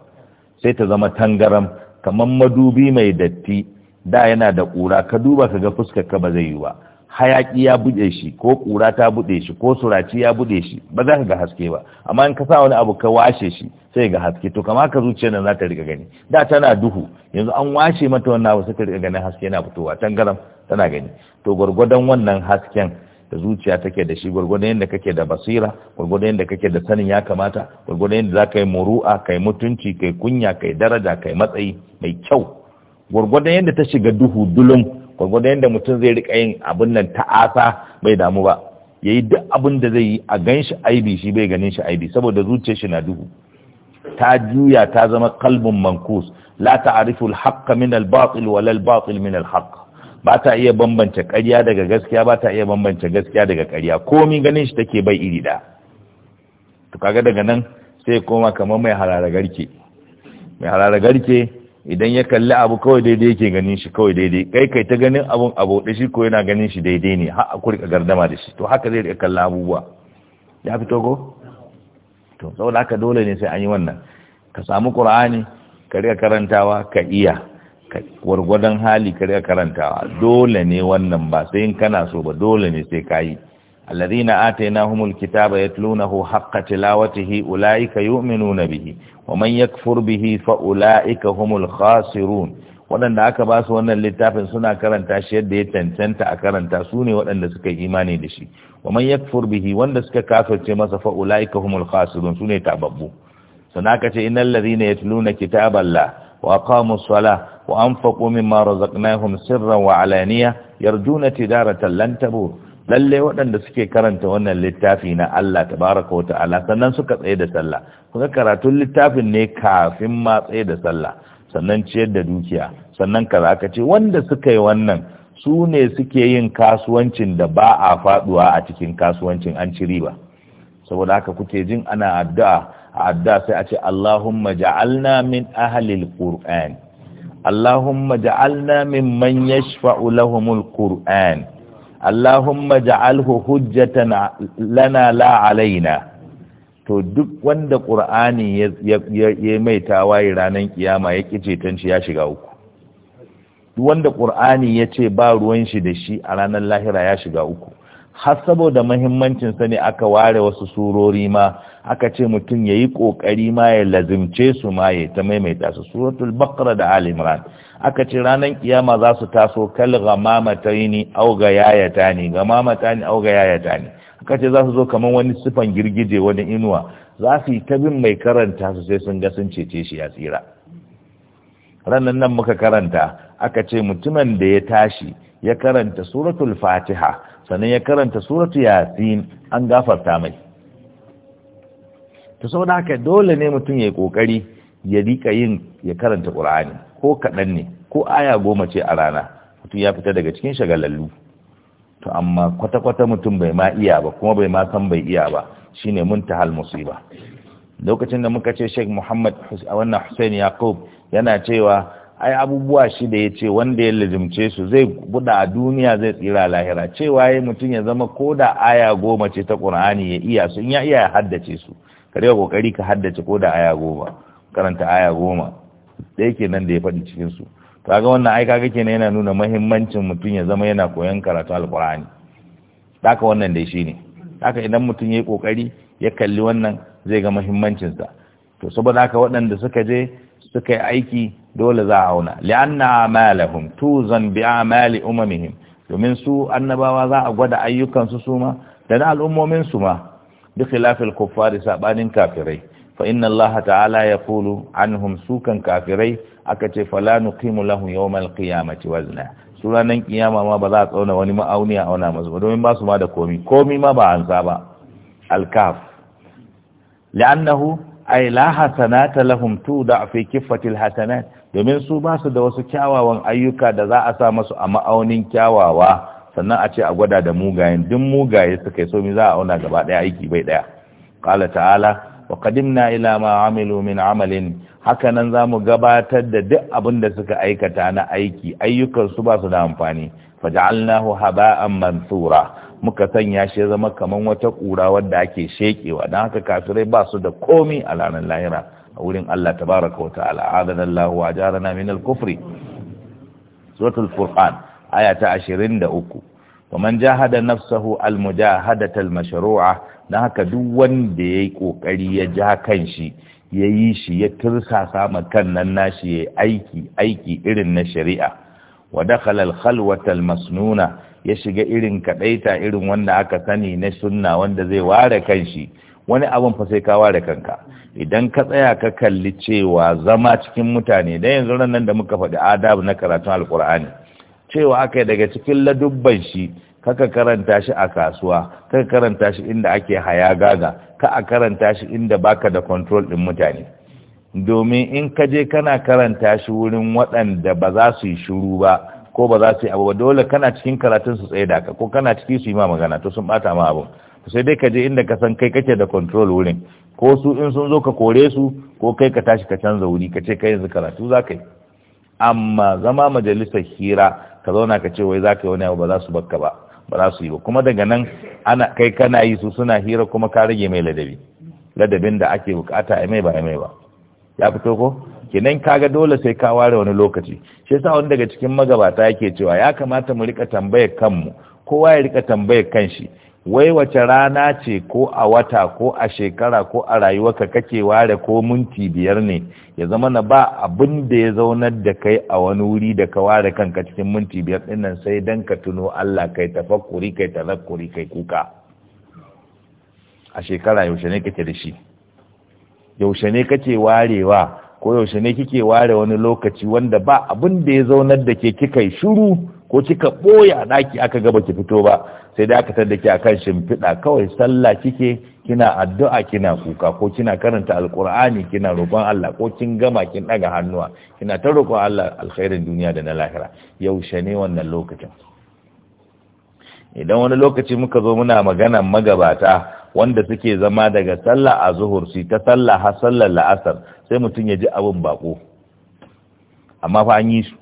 sai ta zama tangaram kamar madubi mai datti da yana da ƙura ka duba ka ga fuskar ka ba zai yi ba hayaki ya buɗe shi ko ƙura ta buɗe shi ko suraci ya buɗe shi ba za ka ga haske ba amma in ka sa wani abu ka washe shi sai ga haske to kamar ka zuciyar nan za ta riga gani da tana duhu yanzu an washe mata wannan abu sai ta riga ganin haske yana fitowa tangaram tana gani to gwargwadon wannan hasken da zuciya take da shi gwargwadon yadda kake da basira gwargwadon yadda kake da sanin ya kamata gwargwadon yadda za ka yi muru'a ka yi mutunci ka yi kunya ka yi daraja ka yi matsayi mai kyau gwargwadon yadda ta shiga duhu dulum gwargwadon yadda mutum zai rika yin abin nan ta'asa bai damu ba ya yi duk abin da zai yi a gan shi aibi shi bai ganin shi aibi saboda zuciyar shi na duhu ta juya ta zama kalbin mankus la ta'rifu al-haqqa min al-batil wa la al-batil min al-haqq ba ta iya bambance ƙarya daga gaskiya ba ta iya bambance gaskiya daga ƙarya komi ganin shi take bai iri da to kaga daga nan sai koma kamar mai garke. mai garke, idan ya kalli abu kawai daidai yake ganin shi kawai daidai kai kai ta ganin abun abu da shi ko yana ganin shi daidai ne har a kurka gardama da shi to haka zai kalla kalla abubuwa ya fito ko to saboda haka dole ne sai an yi wannan ka samu qur'ani ka rika karantawa ka iya gwargwadon hali ka karanta, karantawa dole ne wannan ba sai in kana so ba dole ne sai kayi alladhina atainahumul kitaba yatlunahu haqqa tilawatihi ulaika yu'minuna bihi wa man yakfur bihi fa ulaika humul khasirun waɗanda aka ba su wannan littafin suna karanta shi yadda ya cancanta a karanta su ne waɗanda suka yi imani da shi wa man yakfur bihi wanda suka kafirce masa fa ulaika humul khasirun sune tababbu sanaka ce innal ladhina yatluna kitaballah وأقاموا الصلاة وأنفقوا مما رزقناهم سرا وعلانية يرجون تجارة لن تبور lalle waɗanda suke karanta wannan littafi na Allah tabaraka wa ta'ala sannan suka tsaye da sallah kuma karatun littafin ne kafin ma tsaye da sallah sannan ciyar da dukiya sannan kaza ka ce wanda suka yi wannan su ne suke yin kasuwancin da ba a faduwa a cikin kasuwancin an ci riba saboda haka kuke jin ana addu'a a adda sai a ce Allahumma ja'alna min ahlil qur'an Allahumma ja'alna man yashfa'u lahumul qur'an Allahumma ja'alhu hujjatan lana la alaina to duk wanda qur'ani ya mai tawaye ranan kiyama ya kice tanci ya shiga uku duk wanda qur'ani ya ce ba ruwan shi da shi a ranar lahira ya shiga uku har saboda mahimmancin sa ne aka ware wasu surori ma aka ce mutum ya yi ƙoƙari ma ya lazimce su ma ya ta maimaita su suratul bakara da alimran aka ce ranar kiyama za su taso kal gamamata ni au ga yayata ni gamamata ni au ga yayata ni aka ce za su zo kamar wani sifan girgije wani inuwa za su ta bin mai karanta su sai sun ga sun cece shi ya tsira ranar nan muka karanta aka ce mutumin da ya tashi ya karanta suratul fatiha sannan ya karanta suratul yasin an gafarta mai to saboda haka dole ne mutum ya yi kokari ya rika yin ya karanta qur'ani ko kaɗan ne ko aya goma ce a rana mutum ya fita daga cikin shagalallu to amma kwata-kwata mutum bai ma iya ba kuma bai ma san bai iya ba shine muntahal musiba lokacin da muka ce Sheikh Muhammad wannan Hussein Yaqub yana cewa ai abubuwa shi da ya ce wanda ya lazimce su zai buɗa a duniya zai tsira lahira cewa ya mutum ya zama ko da aya goma ce ta ƙur'ani ya iya su in ya iya ya haddace su ka riga kokari ka haddace ko da aya goma karanta aya goma ɗaya nan da ya faɗi cikin su to kaga wannan ai kaga kenan yana nuna muhimmancin mutum ya zama yana koyon karatu alqur'ani haka wannan dai shine haka idan mutum yayi kokari ya kalli wannan zai ga muhimmancin sa to saboda haka waɗanda suka je suka yi aiki dole za a auna li'anna amalahum tuzan bi amali umamihim domin su annabawa za a gwada ayyukan su suma da na al'ummomin su ma bi khilafil kuffari sabanin kafirai fa inna Allah ta'ala yaqulu anhum sukan kafirai aka ce fala nuqimu lahu yawmal qiyamati wazna su ranar kiyama ma ba za a tsauna wani ma'auni a auna masu ba domin ba su ma da komi komi ma ba an ba alkaf la'annahu ay la hasanata lahum tuda fi kiffatil hasanat domin su ba su da wasu kyawawan ayyuka da za a sa masu a ma'aunin kyawawa sannan a ce a gwada da mugayen duk mugaye suka yi so mi za a auna gaba daya aiki bai ɗaya. qala ta'ala wa qadimna ila ma amilu min amalin haka nan zamu gabatar da duk abin da suka aikata na aiki ayyukan su ba su da amfani faj'alnahu haba'an mansura muka sanya shi zama kaman wata kura wadda ake shekewa dan haka kafirai ba su da komi a ranar lahira a wurin Allah tabaraka wa ta'ala adana Allah wa ajarana min al-kufri suratul furqan aya ta ashirin da 23 man jahada nafsahu almujahadata almashru'a dan haka duk wanda yayi kokari ya ja kanshi yayi shi ya tursasa ma kannan nashi yayi aiki aiki irin na shari'a wa dakhala alkhalwata almasnuna ya shiga irin kadaita irin wanda aka sani na sunna wanda zai ware kanshi wani abun fa sai ka ware kanka idan ka tsaya ka kalli cewa zama cikin mutane dan yanzu ran nan da muka faɗi adab na karatun alqur'ani cewa aka daga cikin ladubban shi kaka karanta shi a kasuwa kaka karanta shi inda ake haya gaga ka a karanta shi inda baka da control din mutane domin in ka je kana karanta shi wurin waɗanda ba za su yi shiru ba ko ba za su yi abu ba dole kana cikin karatun su tsaye da ka ko kana ciki su yi ma magana to sun bata ma abun to sai dai ka je inda ka san kai kake da control wurin ko su in sun zo ka kore su ko kai ka tashi ka canza wuri ka ce kai yanzu karatu za ka yi amma zama majalisar hira ka zauna ka ce wai za ka yi wani abu ba za su bakka ba ba za su yi ba kuma daga nan ana kai kana yi su suna hira kuma ka rage mai ladabi ladabin da ake bukata a mai ba a mai ba ya fito ko kenan kaga dole sai ka ware wani lokaci shi yasa wani daga cikin magabata yake cewa ya kamata mu rika tambayar kanmu kowa ya rika tambayar kanshi wai wace rana ce ko a wata ko a shekara ko a rayuwarka kake ware ko minti biyar ne ya zama na ba abin da ya zaunar da kai a wani wuri da ka ware kanka cikin minti biyar din sai dan ka tuno Allah kai tafakkuri kai tazakkuri kai kuka a shekara yaushe ne kake da shi yaushe ne kake warewa ko yaushe ne kike ware wani lokaci wanda ba abin da ya zaunar da ke kika yi shiru ko kika boya daki aka gaba ki fito ba sai da aka tada ki akan shimfiɗa kawai sallah kike kina addu'a kina kuka ko kina karanta al'kur'ani kina roƙon Allah ko kin gama kin ɗaga hannuwa kina ta roƙon Allah alkhairin duniya da na lahira yaushe ne wannan lokacin idan wani lokaci muka zo muna magana magabata wanda suke zama daga sallah a zuhur su ta sallah har sallar la'asar sai mutum ya ji abin bako amma fa an yi su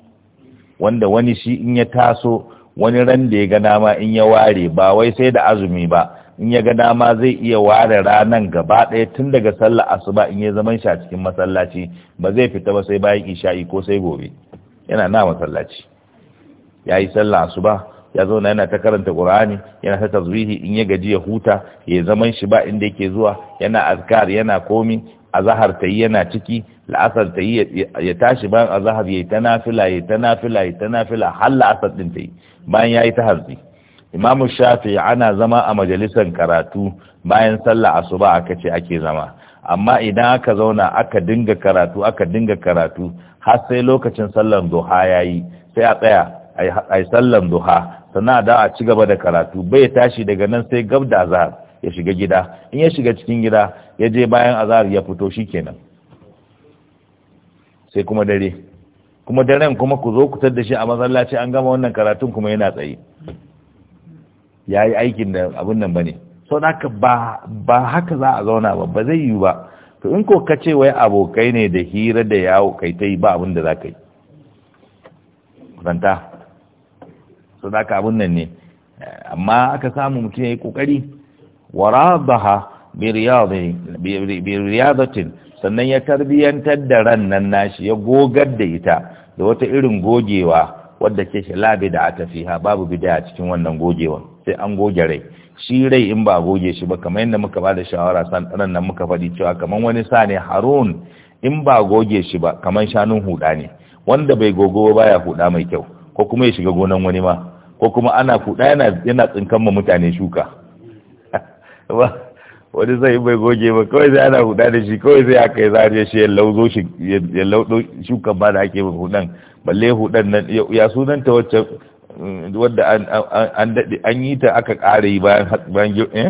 wanda wani shi in ya taso wani ran da ya ga dama in ya ware ba wai sai da azumi ba in ya ga dama zai iya ware ranan gaba ɗaya tun daga sallar asuba in ya zaman shi a cikin masallaci ba zai fita ba sai bayan isha'i ko sai gobe yana na masallaci ya yi sallar asuba ya zauna yana ta karanta qur'ani yana ta tazwihi in ya gaji ya huta ya zaman shi ba inda yake zuwa yana azkar yana komi azahar ta yi yana ciki la'asar ta yi ya tashi bayan azahar ya yi ta nafila ya yi ta nafila ya yi ta nafila har la'asar ɗin ta yi bayan ya yi ta hantsi imamu shafi ana zama a majalisar karatu bayan sallah asuba aka ce ake zama amma idan aka zauna aka dinga karatu aka dinga karatu har sai lokacin sallan duha yi sai a tsaya a yi sallan duha sannan da a ci gaba da karatu bai tashi daga nan sai gab da azahar ya shiga gida in ya shiga cikin gida ya je bayan azhar ya fito shikenan sai kuma dare kuma daren kuma ku zo ku da shi a masallaci an gama wannan karatun kuma yana tsaye ya yi aikin da abin nan ba ne sau da haka ba haka za a zauna ba ba zai yi ba to in ko ka ce wai abokai ne da hira da yawo kai ta yi ba abin da za ka yi ranta sau da haka abin nan ne amma aka samu mutum ya yi kokari warabaha biriyadatin sannan ya tarbiyyantar da rannan nashi ya gogar da ita da wata irin gogewa wadda ke labi da aka fiha babu a cikin wannan gogewa sai an goge rai shi rai in ba goge shi ba kamar yadda muka ba da shawara ran nan muka faɗi cewa kamar wani sa ne harun in ba goge shi ba kamar shanun huda ne wanda bai gogo ba ya huda mai kyau ko kuma ya shiga gonan wani ma ko kuma ana huda yana yana tsinkan mutane shuka wani zai bai goge ba kawai zai ana huda da shi kawai zai aka yi zariya shi ya lauzo shi ya laudo shukan ba da ake ba hudan balle hudan nan ya sunan ta wacce mm, wadda an daɗe an yi ta aka ƙara yi bayan bayan eh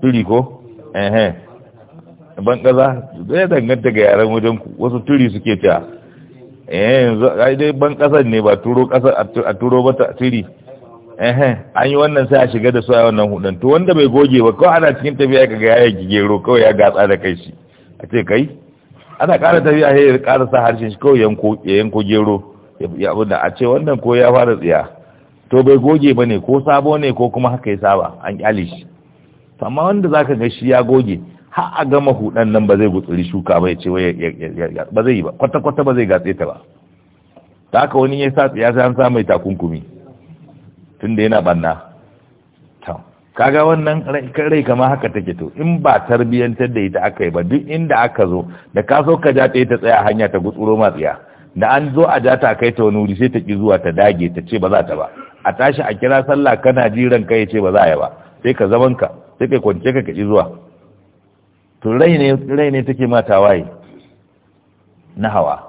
turi ko eh ban kaza zai danganta ga yaran wajen wasu turi suke ta eh yanzu ai dai ban kasan ne ba turo kasa a turo ba ta turi ehe an yi wannan sai a shiga da su a wannan hudun to wanda bai goge ba kawai ana cikin tafiya ka ga ya gero kawai ya gatsa da kai shi a ce kai ana ƙara tafiya sai ya ƙara sa harshen shi kawai yanko ya yanko gero ya abinda a ce wannan ko ya fara tsiya to bai goge ba ne ko sabo ne ko kuma haka ya saba an kyale shi amma wanda zaka ga shi ya goge ha a gama hudan nan ba zai gutsuri shuka ba ya ce ba zai yi ba kwata-kwata ba zai gatse ta ba ta haka wani ya sa tsiya sai an sa mai takunkumi tunda yana banna kaga wannan rai kama haka take to in ba tarbiyantar da ita aka yi ba duk inda aka zo da ka so ka ja ta ta tsaya hanya ta gutsuro matsiya da an zo a ja ta kai ta wani wuri sai ta ki zuwa ta dage ta ce ba za ta ba a tashi a kira sallah kana jiran kai ce ba za ya ba sai ka zaman ka sai kai kwance ka ki zuwa to rai ne rai ne take ma tawaye na hawa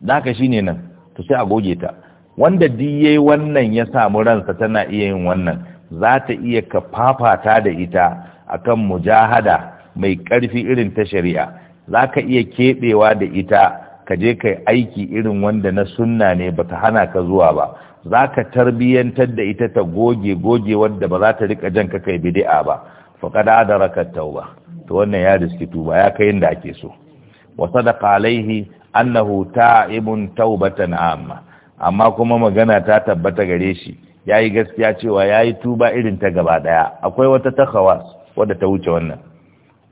da haka shine nan to sai a goge ta wanda diye wannan ya samu ransa tana iya yin wannan za ta iya ka fafata da ita akan mujahada mai karfi irin ta shari'a za ka iya keɓewa da ita ka je ka aiki irin wanda na sunna ne ba ta hana ka zuwa ba za ka tarbiyyantar da ita ta goge goge wadda ba za ta rika jan ka kai bid'a ba fa kada adaraka tauba to wannan ya riski tuba ya kai inda ake so wa sadaqa alaihi annahu ta'ibun taubatan amma amma kuma magana ta tabbata gare shi ya yi gaskiya cewa ya yi tuba irin ta gaba daya akwai wata ta wadda ta wuce wannan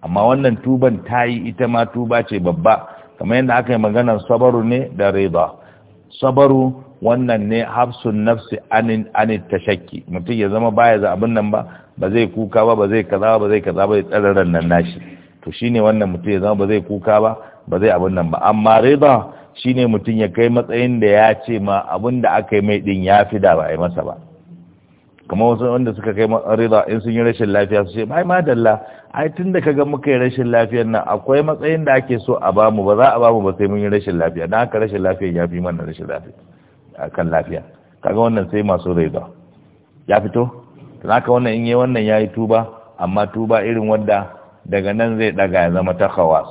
amma wannan tuban ta yi ita ma tuba ce babba kamar yadda aka yi maganar sabaru ne da reba sabaru wannan ne hafsun nafsi anin anin shakki mutum ya zama baya za abin nan ba ba zai kuka ba ba zai kaza ba zai kaza ba zai tsararren nan nashi to shine wannan mutum ya zama ba zai kuka ba ba zai abin nan ba amma reba. shine mutum ya kai matsayin da ya ce ma abin da aka yi mai din ya fi da ba a yi masa ba kamar wasu wanda suka kai rida in sun yi rashin lafiya su ce bai madalla ai tun da kaga muka yi rashin lafiyar nan akwai matsayin da ake so a bamu ba za a bamu ba sai mun yi rashin lafiya dan haka rashin lafiya ya fi mana rashin lafiya kan lafiya kaga wannan sai masu rida ya fito dan haka wannan in yi wannan yayi tuba amma tuba irin wanda daga nan zai daga ya zama ta khawas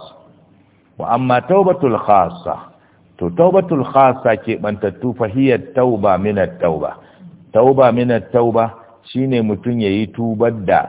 wa amma tawbatul khassa to taubatul khassa ke bantattu fahiyat tauba minat tauba tauba minat tauba shine mutum yayi tubar da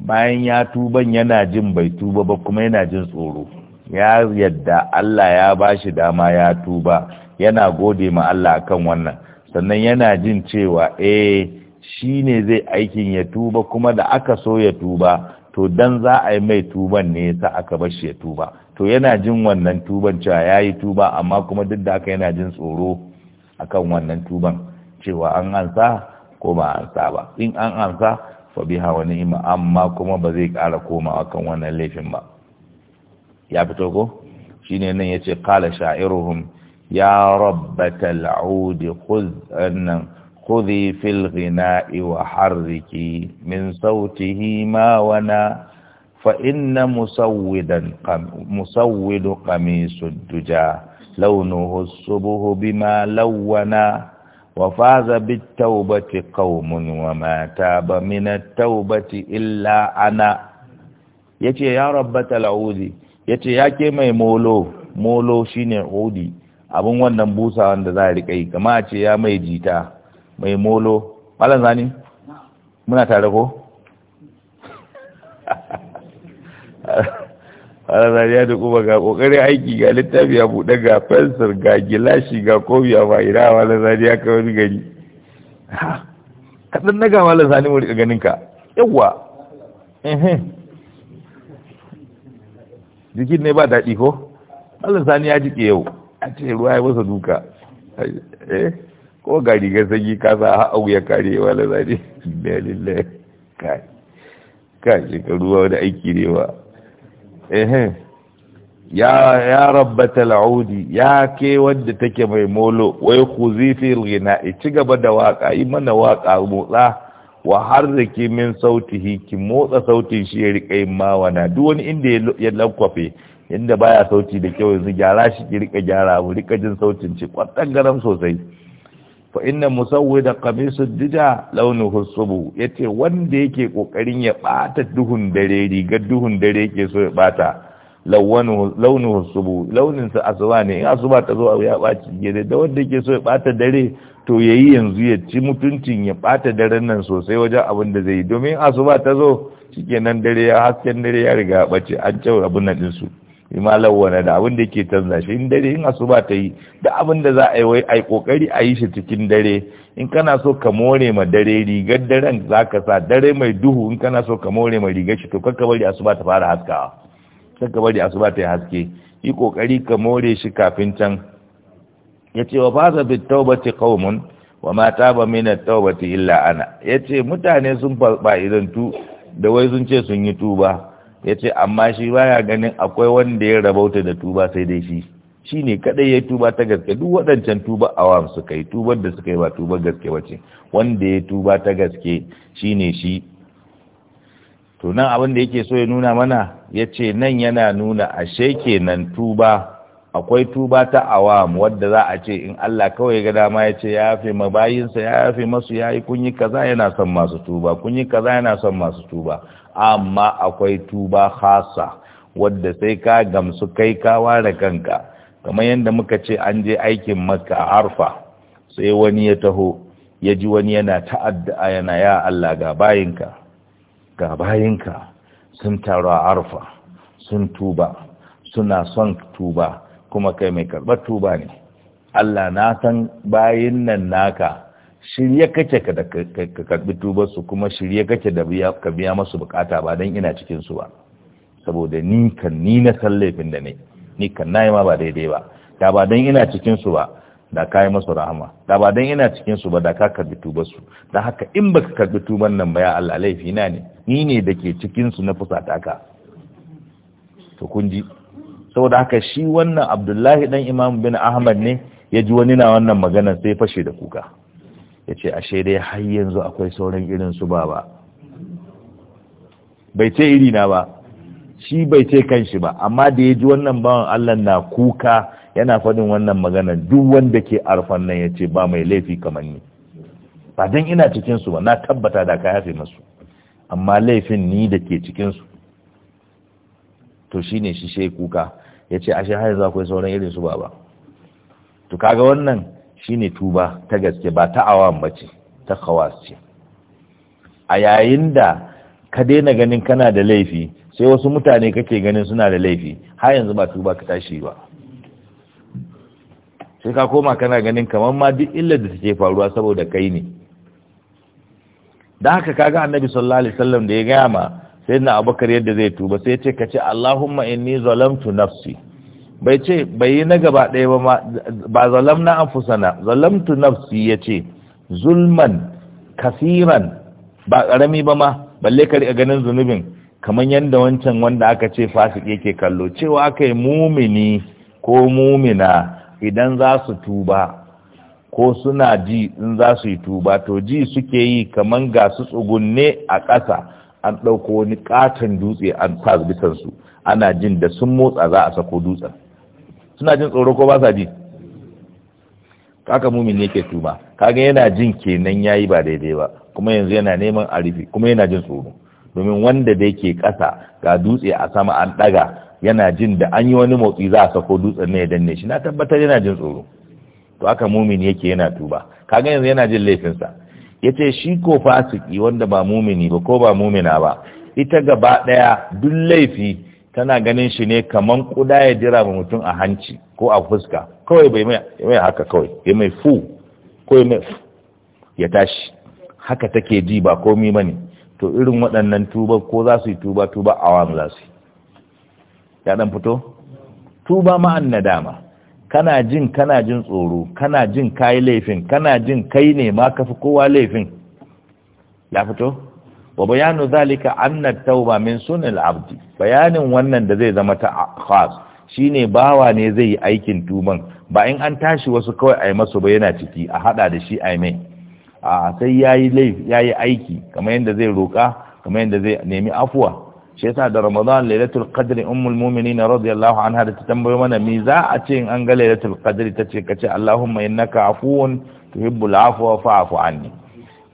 bayan ya tuban yana jin bai tuba ba kuma yana jin tsoro ya yadda Allah ya bashi dama ya tuba yana gode ma Allah kan wannan sannan yana jin cewa eh shine zai aikin ya tuba kuma da aka so ya tuba to dan za a yi mai tuban ne yasa aka bar shi ya tuba to yana jin wannan tuban cewa ya yi tuba amma kuma duk da haka yana jin tsoro akan wannan tuban cewa an ansa ko ba sa ba in an ansa fa biha wani ima amma kuma ba zai ƙara komawa kan wannan laifin ba ya fito ko shi ne nan ya yace kala sha'iruhum ya rabbata la'udi khudh khudhi fil ghina'i wa harriki min sautihi ma wana fa inna musawwidan musawwidu qamisud duja launuhu subuhu bima lawwana wa faza bit tawbati qaumun wa ma taba min at tawbati illa ana yace ya rabbatal udi yace yake mai molo molo shine udi abun wannan busa wanda za a rika yi kama ce ya mai jita mai molo malam zani muna tare ko ana zariya da kuma ga kokarin aiki ga littafi ya buɗe ga fensir ga gilashi ga kobiya ba ira wa na zariya ka wani gari kaɗan na gama Sani zani wuri ganin ka yawwa jikin ne ba daɗi ko Allah sani ya jike yau a ce ruwa ya masa duka eh ko ga rigar sanyi ka sa ha ya kare wa la zani lillahi kai kai shekaru wani aiki ne ba ehe ya ya rabbatal audi ya ke wanda take mai molo wai khuzifi alghina ci gaba da waka yi mana waka motsa wa harzaki min sautihi ki motsa sautin shi ya rika yin mawana duk wani inda ya lankwafe inda baya sauti da kyau yanzu gyara shi ki rika gyara mu rika jin sautin ci kwatan garam sosai fa inna musawwida qamisu dida launuhu subu yace wanda yake kokarin ya bata duhun dare riga duhun dare yake so ya bata lawanu launuhu subu launin sa asuba ne in asuba ta zo ya baci gere da wanda yake so ya bata dare to yayi yanzu ya ci mutuncin ya bata daren nan sosai wajen abin da zai yi domin asuba ta zo shikenan dare ya hasken dare ya riga bace an cewa abun nan din su imalawana da abin da yake canza shi in dare in asuba ta yi da abin da za a yi wai ai kokari a yi shi cikin dare in kana so ka more ma dare rigar daren ka sa dare mai duhu in kana so ka more ma rigar shi to kakka bari asuba ta fara haskawa kakka bari asuba ta yi haske yi kokari ka more shi kafin can yace wa fasa bi tawbati qaumun wa ma taba min at-tawbati illa ana yace mutane sun tu da wai sun ce sun yi tuba ya ce amma shi baya ganin akwai wanda ya rabauta da tuba sai dai shi shi ne kadai ya tuba ta gaske duk waɗancan tuba awam suka yi tubar da suka yi ba tubar gaske wace wanda ya tuba ta gaske shi ne shi to nan abin da yake so ya nuna mana ya ce nan yana nuna ashe kenan tuba akwai tuba ta awam wadda za a ce in Allah kawai ga dama ya ce ya yafe mabayinsa ya yafe masu ya yi kunyi kaza yana son masu tuba kunyi kaza yana son masu tuba amma akwai tuba hasa wadda sai ka gamsu kai ka ware kanka kamar yadda muka ce an je aikin makka arfa sai wani ya taho ya ji wani yana ta'adda yana ya Allah ga bayinka ga bayinka sun taru a arfa sun tuba suna son tuba kuma kai mai karɓar tuba ne Allah na san bayin nan naka shirye kake ka da ka kuma shirye kake da ka biya masu bukata ba don ina cikinsu ba saboda ni kan ni na san laifin da ne ni kan na ma ba daidai ba da ba don ina cikinsu ba da ka masu rahama da ba don ina cikinsu ba da ka karɓi su da haka in baka karɓi tuban nan ba ya Allah laifi na ne ni ne dake ke su na fusata ka to kun ji saboda haka shi wannan abdullahi dan imam bin ahmad ne ya ji wani na wannan magana sai fashe da kuka ya ce ashe dai har yanzu akwai sauran irin su ba ba bai ce iri na ba shi bai ce kan shi ba amma da ya ji wannan bawan allah na kuka yana faɗin wannan magana duk wanda ke arfan nan ya ce ba mai laifi kamar ni ba dan ina cikinsu ba na tabbata da ka yafe masu amma laifin ni da ke cikin su to shine shi shai kuka ya ce ashe har yanzu akwai sauran irin su ba to kaga wannan shine tuba ta gaske ba ta awam bace ta khawas ce a yayin da ka daina ganin kana da laifi sai wasu mutane kake ganin suna da laifi har yanzu ba tuba ka tashi ba sai ka koma kana ganin kamar ma duk illar da take faruwa saboda kai ne da haka kaga annabi sallallahu alaihi wasallam da ya gaya ma sai na abubakar yadda zai tuba sai ce ka ce allahumma inni zalamtu nafsi bai ce bai yi na gaba ɗaya ba ba zalam na anfusana zalamtu nafsi ya ce zulman kasiran ba ƙarami ba ma balle ka riƙa ganin zunubin kamar yadda wancan wanda aka ce fasik yake kallo cewa aka yi mumini ko mumina idan za su tuba ko suna ji in za su yi tuba to ji suke yi kamar ga su tsugunne a ƙasa an ɗauko wani ƙaton dutse an sa bisansu ana jin da sun motsa za a sako dutsen suna jin tsoro ko ba sa ji kaka mumin ne ke tuba kaga yana jin kenan yayi ba daidai ba kuma yanzu yana neman arifi kuma yana jin tsoro domin wanda da yake ƙasa ga dutse a sama an ɗaga yana jin da an yi wani motsi za a sako dutsen ne ya danne shi na tabbatar yana jin tsoro to aka mumin yake yana tuba kaga yanzu yana jin laifinsa ya ce shi ko fasiki wanda ba mumini ba ko ba mumina ba ita gaba daya duk laifi tana ganin shi ne kaman kuda ya jira ba mutum a hanci ko a fuska kawai bai mai haka kawai ya mai fu ko ya mai ya tashi haka take ji ba komi ne to irin waɗannan tuba ko za su yi tuba tuba awam za su yi ya ɗan fito tuba ma'an dama. kana jin kana jin tsoro kana jin kayi laifin kana jin kai ne ma kafi kowa laifin ya fito wa bayanu zalika anna tauba min sunil abdi bayanin wannan da zai zama ta khas shine bawa ne zai yi aikin tuban ba in an tashi wasu kawai ai masu ba yana ciki a hada da shi ai mai a sai yayi laifi yayi aiki kamar yanda zai roka kamar yanda zai nemi afuwa shi yasa da ramadan lailatul qadr ummul mu'minin radiyallahu anha da ta tambayo mana me za a ce in an ga lailatul qadr tace kace allahumma innaka afuwun tuhibbul afwa fa'fu anni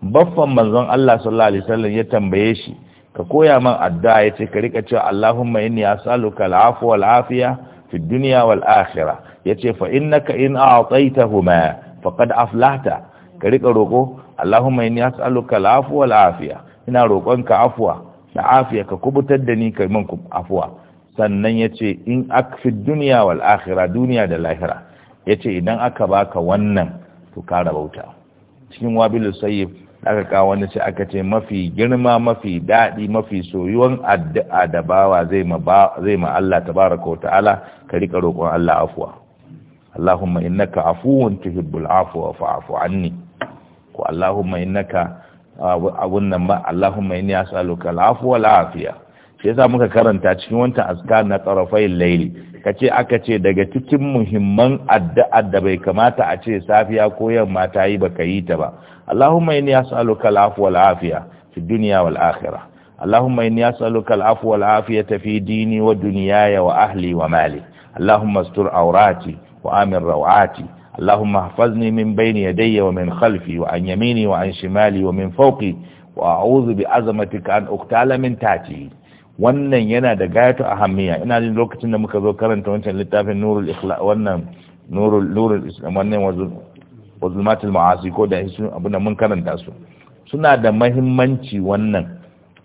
baffan manzon Allah sallallahu alaihi wasallam ya tambaye shi ka koya man addu'a yace ka rika cewa allahumma inni as'aluka al wal afiya fi dunya wal akhirah yace fa innaka in a'taytahuma faqad aflahta ka rika roko allahumma inni as'aluka al-afwa wal afiya ina roƙonka afwa da afiya ka kubutar da ni ka yi man afuwa sannan ya ce in akfi duniya wal akhira duniya da lahira ya ce idan aka baka wannan to ka rabauta cikin wabilu sayyib aka kawo wani ce aka ce mafi girma mafi daɗi mafi soyuwan addu'a da bawa zai ma Allah tabaraka wa ta'ala ka rika roƙon Allah afuwa Allahumma innaka afuwun tuhibbul afwa fa'fu anni ko Allahumma innaka abun nan ba Allahumma inni as'aluka al'afwa wal afiya shi yasa muka karanta cikin wanta azkar na tarafai layli kace aka ce daga cikin muhimman addu'a da bai kamata a ce safiya ko yamma ta yi baka yi ta ba Allahumma inni as'aluka al'afwa wal afiya fi dunya wal akhirah Allahumma inni as'aluka al'afwa wal afiyata fi dini wa dunyaya wa ahli wa mali Allahumma astur awrati wa amin rawati اللهم احفظني من بين يدي ومن خلفي وعن يميني وعن شمالي ومن فوقي وأعوذ بعظمتك أن أقتال من تحتي wannan yana da gayatu ahammiya ina jin lokacin da muka zo karanta wancan littafin nurul ikhla wannan nurul nurul islam wannan wazulmatul ma'asi ko da su abu da mun karanta su suna da mahimmanci wannan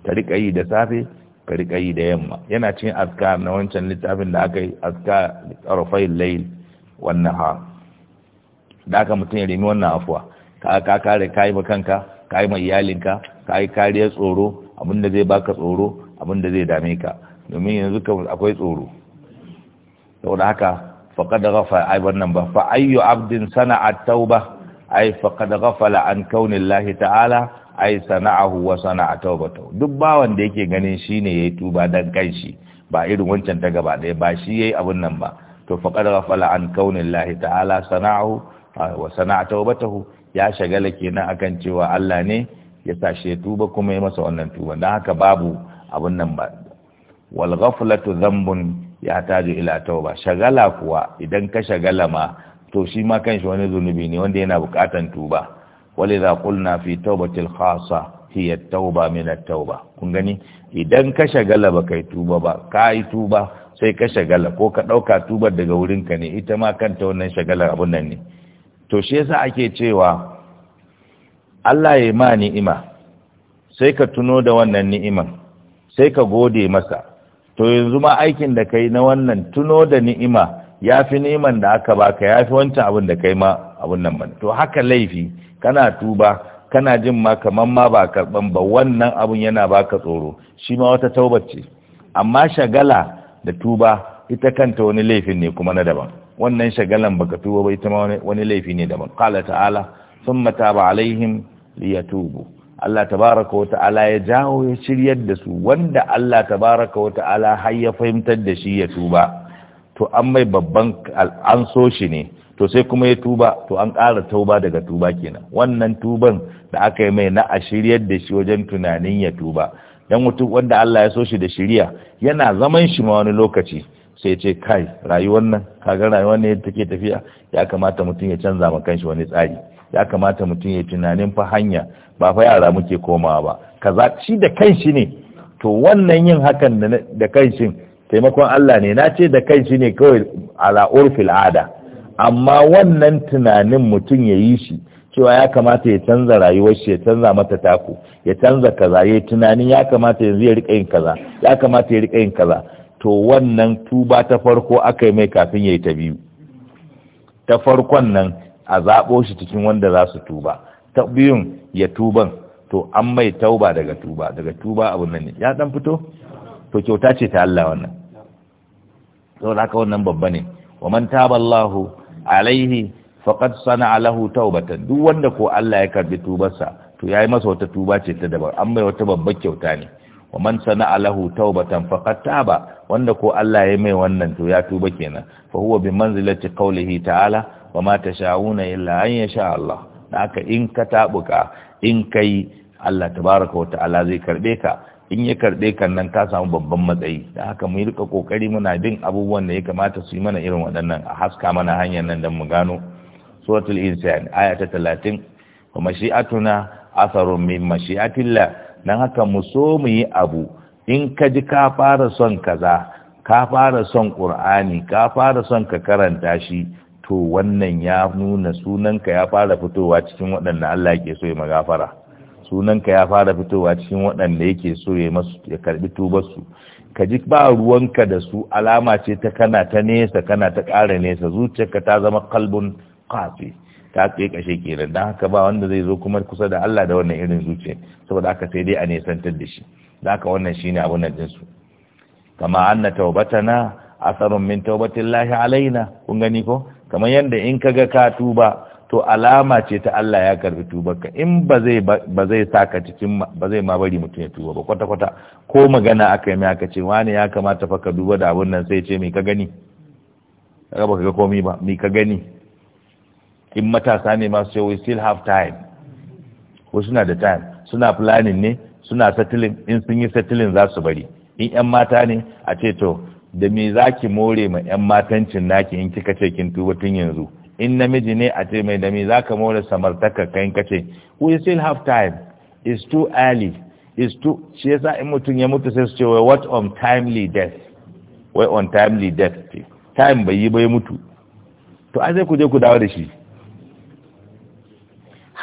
ka rika yi da safe ka rika yi da yamma yana cikin azkar na wancan littafin da aka yi azkar rufai layl wannan ha da aka mutum ya remi wannan afuwa ka kare ka yi kanka ka yi ma iyalinka ka yi kariyar tsoro abinda zai baka tsoro abinda zai dame ka domin yanzu akwai tsoro saboda haka faqad ghafala ai wannan ba fa ayyu abdin sana'a tauba ai faqad la an lahi ta'ala ai sana'ahu wa sana'a taubatahu duk bawan da yake ganin shine yayi tuba dan kanshi ba irin wancan ta gaba ɗaya ba shi yayi abun nan ba to faqad la an lahi ta'ala sana'ahu Ah, wa sana'a taubatahu ya shagala kenan akan cewa Allah ne ya sashe tuba kuma ya masa wannan tuba dan haka babu abun nan ba wal ghaflatu dhanbun ya taju ila tauba shagala kuwa idan ka shagala ma to shi ma kanshi wani zunubi ne wanda yana bukatan tuba walidha qulna fi taubatil khassa hiya tauba min at-tauba kun gani idan ka shagala ba kai tuba ba kai tuba sai ka shagala ko ka dauka tubar daga wurin ka ne ita ma kanta wannan shagalar abun nan ne to shi yasa ake cewa Allah ya ma ni'ima sai ka tuno da wannan ni'iman sai ka gode masa to yanzu ma aikin da kai na wannan tuno da ni'ima ya fi ni'iman da aka baka ya fi wancan abin da kai ma abun nan ba to haka laifi kana tuba kana jin ma kaman ma ba karban ba wannan abun yana baka tsoro shi ma wata ce amma shagala da tuba ita kanta wani laifin ne kuma na daban wannan shagalan baka tuba bai ta wani laifi ne daban qala ta'ala thumma taba alaihim liyatubu Allah baraka wa ta'ala ya jawo ya shiryar da su wanda Allah tabaraka wa ta'ala har ya fahimtar da shi ya tuba to an mai babban an so shi ne to sai kuma ya tuba to an ƙara tauba daga tuba kenan wannan tuban da aka yi mai na a shiryar da shi wajen tunanin ya tuba dan mutum wanda Allah ya so shi da shiriya yana zaman shi ma wani lokaci sai ce kai rayuwar nan kaga rayuwar ne take tafiya ya kamata mutum ya canza ma kanshi wani tsari ya kamata mutum ya tunanin fa hanya ba fa yara muke komawa ba kaza shi da kanshi ne to wannan yin hakan da kanshin taimakon Allah ne na ce da kanshi ne kawai ala urfil ada amma wannan tunanin mutum ya yi shi cewa ya kamata ya canza rayuwar shi ya canza mata taku ya canza kaza ya tunanin ya kamata yanzu ya rika yin kaza ya kamata ya rika yin kaza to wannan tuba ta farko aka yi mai kafin ya yi ta biyu ta farkon nan a zaɓo shi cikin wanda za su tuba ta biyun ya tuban to an mai tauba daga tuba daga tuba abu nan ne ya dan fito to kyauta ce ta Allah wannan to haka wannan babba ne wa man taba Allahu alaihi faqad sana'a lahu taubatan duk wanda ko Allah ya karbi tubarsa to yayi masa wata tuba ce ta daban an mai wata babbar kyauta ne wa man sana'a lahu taubatan faqad taba wanda ko Allah ya mai wannan to ya tuba kenan fa huwa bi manzilati qawlihi ta'ala wa ma tashauna illa an yasha Allah haka in ka tabuka in kai Allah tabaraka wa ta'ala zai karbe ka in ya karbe ka nan ka samu babban matsayi da haka mu rika kokari muna bin abubuwan da ya kamata su yi mana irin waɗannan a haska mana hanyar nan dan mu gano suratul insan aya ta 30 wa mashi'atuna atharun min mashi'atillah dan haka mu so mu yi abu in ka ji ka fara son kaza ka fara son ƙur'ani ka fara son ka karanta shi to wannan ya nuna sunanka ya fara fitowa cikin waɗanda Allah ke so ya magafara sunanka ya fara fitowa cikin waɗanda yake so ya masu ya karbi tubarsu ka ji ba ruwanka da su alama ce ta kana ta nesa kana ta ƙara nesa zuciyarka ta zama kalbun kafi ta tsaye kashe kenan don haka ba wanda zai zo kuma kusa da Allah da wannan irin zuciya saboda haka sai dai a nesantar da shi zaka wannan shine abun da jinsu. kama anna taubatana asarun min taubatillahi alaina kun gani ko kamar yanda in kaga ka tuba to alama ce ta Allah ya karbi tubarka in ba zai ba zai saka cikin ba zai ma bari mutum ya tuba ba kwata kwata ko magana aka yi mai aka ce wani ya kamata fa ka duba da abun nan sai ce me ka gani kaga ka ga komai ba me ka gani in matasa ne ma sai we still have time ko suna da time suna planning ne suna settling in sun yi settling za su bari in yan mata ne a ce to da me za ki more ma yan matancin naki in kika ce kin tuba tun yanzu in namiji ne a ce mai da me za ka more samartaka kai ka ce we still have time it's too early it's too shi yasa in mutum ya mutu sai su ce what on timely death wai on timely death time bai yi bai mutu to an sai ku je ku dawo da shi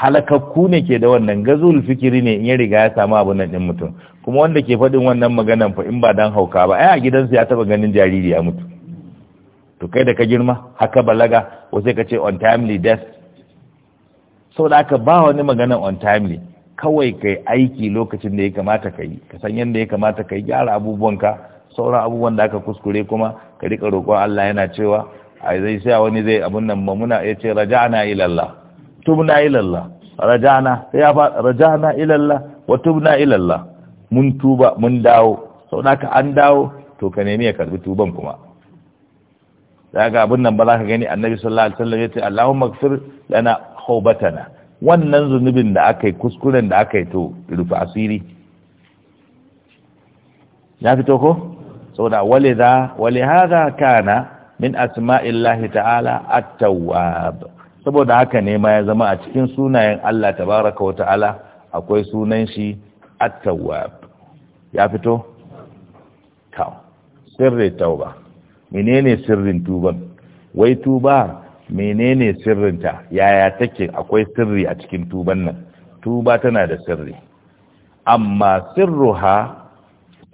halakakku ne ke da wannan gazul fikiri ne in ya riga ya samu abin nan din mutum kuma wanda ke faɗin wannan maganan fa in ba dan hauka ba ai a gidansa ya taba ganin jariri ya mutu to kai da ka girma haka balaga ko sai ka ce on timely death da ba wani maganan on timely kawai kai aiki lokacin da ya kamata ka yi ka san yadda ya kamata ka yi gyara abubuwanka sauran abubuwan da aka kuskure kuma ka rika roƙon Allah yana cewa a zai sa wani zai abun nan mamuna ya ce raja'na ila Allah tubna ilallah rajana ya fa rajana ilallah wa tubna ilallah mun tuba mun dawo sau da an dawo to ka nemi ya karbi tuban kuma ga abin nan ba za ka gani annabi sallallahu alaihi wasallam yace Allahumma ighfir lana khawbatana wannan zunubin da aka yi kuskuren da aka yi to rufe asiri ya fito ko sau saboda wale za wale hada kana min asma'illahi ta'ala at-tawwab saboda haka ne ma ya zama a cikin sunayen Allah tabaraka wa ta'ala akwai sunan shi at-tawwab ya fito kawo sirri tauba menene sirrin tuban wai tuba menene sirrinta yaya take akwai sirri a cikin tuban nan tuba tana da sirri amma sirruha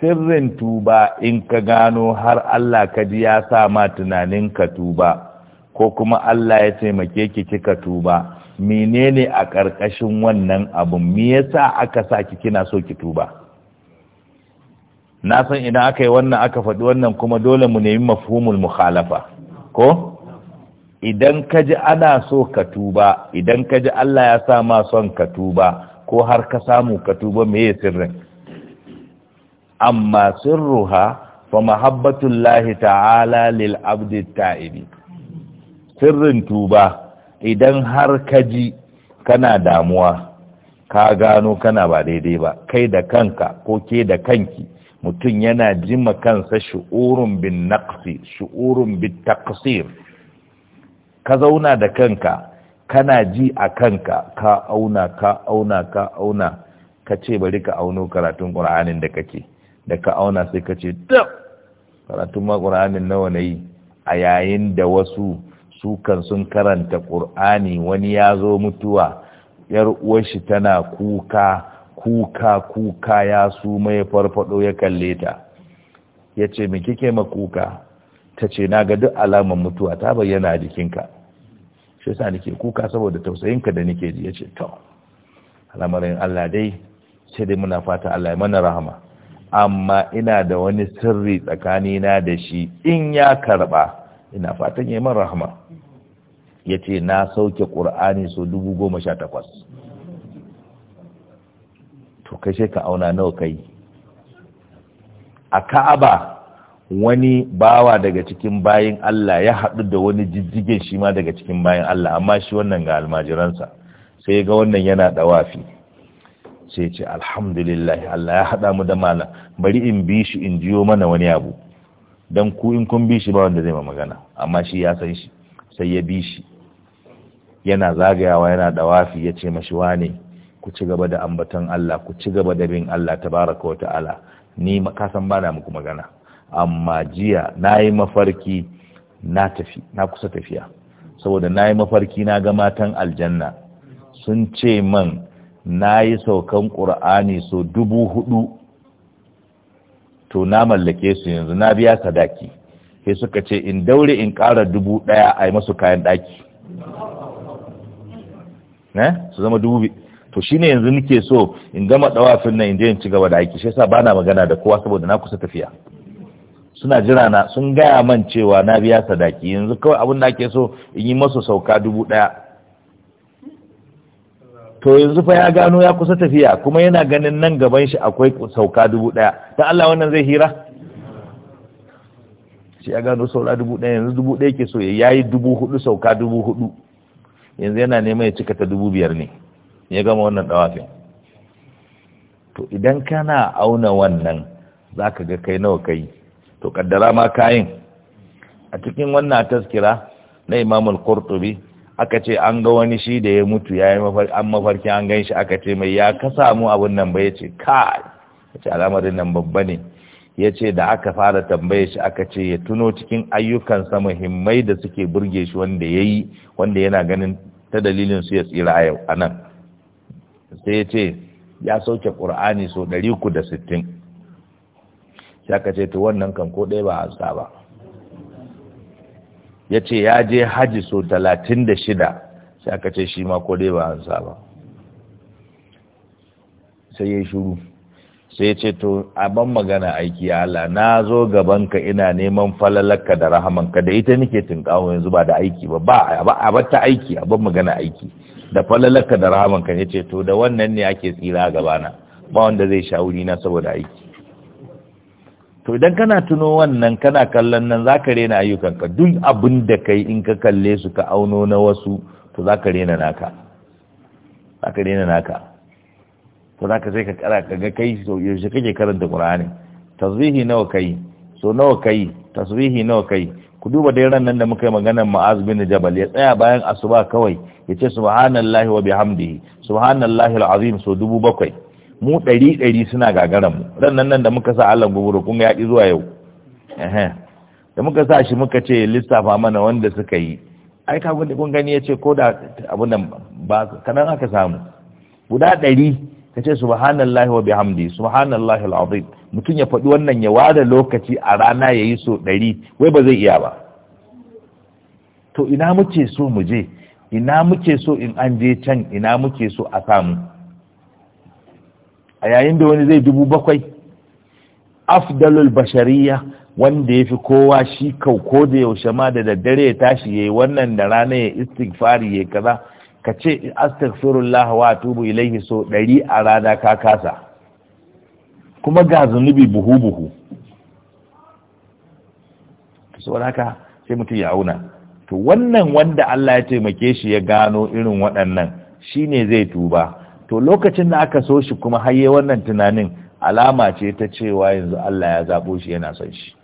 sirrin tuba in ka gano har Allah ka ji ya sa ma tunanin ka tuba ko kuma Allah ya taimake ki kika tuba menene a ƙarƙashin wannan abun me yasa aka sa ki kina so ki tuba na san idan aka yi wannan aka faɗi wannan kuma dole mu nemi mafhumul mukhalafa ko idan ka ji ana so ka tuba idan ka ji Allah ya sa ma son ka tuba ko har ka samu ka tuba meye sirrin amma sirruha fa mahabbatullahi ta'ala lil abdi ta'ibi sirrin tuba idan har ka ji kana damuwa ka gano kana ba daidai ba kai da kanka ko ke da kanki mutum yana jima kansa shu'urun bin naqsi shu'urun bin taqsir ka zauna da kanka kana ji a kanka ka auna ka auna ka auna ka ce bari ka auno karatun qur'anin da kake da ka auna sai ka ce karatun ma qur'anin nawa nayi a yayin da wasu Sukan sun karanta ƙur'ani wani ya zo mutuwa yar uwarshi tana kuka kuka kuka ya su mai farfado ya kalle ta ya ce mai kike ma kuka ta ce na ga duk alamar mutuwa ta bayyana a jikinka shi sa nake kuka saboda tausayinka da nake ji ya ce to al'amarin Allah dai sai dai muna fata Allah ya mana rahama amma ina da wani sirri tsakanina da shi in ya karba ina fatan ya yi min rahama ya ce na sauke ƙur'ani so dubu goma sha takwas to kashe ka auna nawa kai a ka'aba wani bawa daga cikin bayin Allah ya haɗu da wani jijjigen shi ma daga cikin bayin Allah amma shi wannan ga almajiransa sai ga wannan yana ɗawafi sai ce alhamdulillah Allah ya haɗa mu da mala bari in bi shi in jiyo mana wani abu don ku in kun bi shi ba wanda zai ma magana amma shi ya san shi sai ya bi shi yana zagayawa yana da wafi ya ce mashi wane ku ci gaba da ambaton Allah ku ci gaba da bin Allah tabaraka wata'ala ni kasan bana muku magana amma jiya nayi mafarki na tafi na kusa tafiya saboda nayi mafarki na ga matan aljanna sun ce man nayi saukan qur'ani so dubu hudu to na mallake su yanzu na biya sadaki sai suka ce in daure in ƙara dubu ɗaya a yi masu kayan ɗaki ne su zama dubu to shine yanzu nake so in gama dawafin nan in je in ci gaba da aiki shi yasa bana magana da kowa saboda na kusa tafiya suna jira na sun gaya man cewa na biya sadaki yanzu kawai abin da ake so in yi masu sauka dubu ɗaya to yanzu fa ya gano ya kusa tafiya kuma yana ganin nan gaban shi akwai sauka dubu ɗaya ta Allah wannan zai hira shi ya gano saura dubu ɗaya yanzu dubu ɗaya ke so ya yi dubu hudu sauka dubu hudu yanzu yana neman ya cika ta dubu biyar ne ya gama wannan ɗawafin to idan kana auna wannan za ka ga kai nawa kai to kaddara ma kayin a cikin wannan taskira na imamul qurtubi aka ce an ga wani shi da ya mutu ya yi an mafarki an gan shi aka ce mai ya ka samu abin nan ba ya ce kai ya ce alamarin nan babba ne ya ce da aka fara tambaye shi aka ce ya tuno cikin ayyukansa muhimmai da suke burge shi wanda ya yi wanda yana ganin ta dalilin su ya tsira a yau anan nan sai ya ce ya sauke ƙur'ani so 360 shi aka ce ta wannan kan ko ɗaya ba a ba ya ce ya je haji so 36 sai aka ce shi ma ko ɗaya ba sa ba sai ya shuru sai ce to a ban magana aiki ya Allah na zo gaban ka, ina neman falalarka da ka, da ita nake tunkawo yanzu ba da aiki ba ba a bata aiki a ban magana aiki da falalarka da ka ne, ce to da wannan ne ake tsira a gabana ba wanda zai sha wuri na saboda aiki to idan kana tuno wannan kana kallon nan za ka rena ka, duk abin da kai in ka kalle su ka auno na wasu to za ka rena naka za ka rena naka to ka sai ka kara ka ga kai so yaushe kake karanta qur'ani tasbihi nawa kai so nawa kai tasbihi nawa kai ku duba dai ran nan da muka yi maganar ma'az bin jabal ya tsaya bayan asuba kawai ya ce subhanallahi wa bihamdihi subhanallahi alazim so dubu bakwai mu ɗari ɗari suna gagaran mu ran nan nan da muka sa Allah gubura kun ya zuwa yau da muka sa shi muka ce lissafa mana wanda suka yi ai ka kun gani ya ce ko da abin nan ba kanan aka samu guda ɗari ka ce subhanallahi wa bihamdi subhanallahi al'azim mutum ya faɗi wannan ya ware lokaci a rana yayi so ɗari wai ba zai iya ba to ina muke so mu je ina muke so in an je can ina muke so a samu a yayin da wani zai dubu bakwai afdalul bashariya wanda ya fi kowa shi kauko da yaushe ma da daddare ya tashi ya yi wannan da rana ya istighfari ya kaza ka ce astaghfirullah wa atubu ilaihi so ɗari a rana ka kasa kuma ga zunubi buhu buhu saboda haka sai mutum ya auna to wannan wanda Allah ya taimake shi ya gano irin waɗannan shi ne zai tuba to lokacin da aka so shi kuma haye wannan tunanin alama ce ta cewa yanzu Allah ya zabo shi yana son shi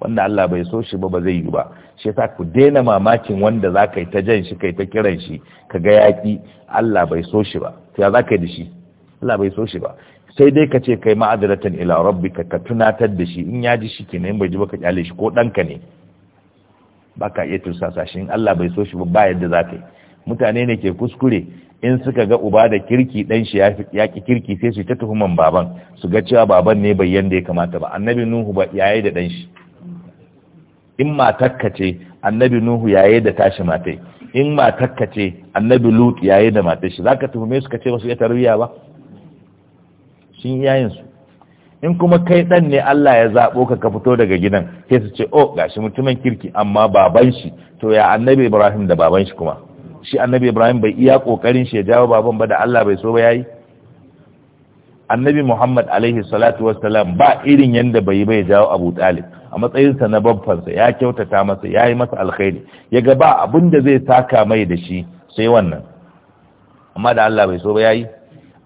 wanda Allah bai so shi ba ba zai yi ba shi yasa ku daina mamakin wanda za ka yi ta jan shi kai ta kiran shi ka ga yaƙi Allah bai so shi ba ya za ka yi da shi Allah bai so shi ba sai dai ka ce kai ma'adaratan ila rabbika ka tunatar da shi in ya ji shi kenan bai ji ba ka kyale shi ko ɗanka ne ba ka iya tursasa shi in Allah bai so shi ba ba yadda za ka yi mutane ne ke kuskure in suka ga uba da kirki dan shi ya ki kirki sai su ta tuhuman baban su ga cewa baban ne bai yanda ya kamata ba annabi nuhu ba yayi da dan shi in matakka ce annabi nuhu yaye da tashi matai in matakka ce annabi lut yaye da matai shi zaka tuhume su kace wasu ya tarbiya ba shin yayin su in kuma kai dan ne Allah ya zabo ka ka fito daga gidan sai su ce oh gashi mutumin kirki amma baban shi to ya annabi Ibrahim da baban shi kuma shi annabi Ibrahim bai iya kokarin shi ya jawo baban ba da Allah bai so ba yayi annabi Muhammad alaihi salatu wassalam ba irin yanda bai bai jawo Abu Talib a matsayinsa na babbansa ya kyautata masa ya yi masa alkhairi ya ga ba abin da zai saka mai da shi sai wannan amma da Allah bai so ba yayi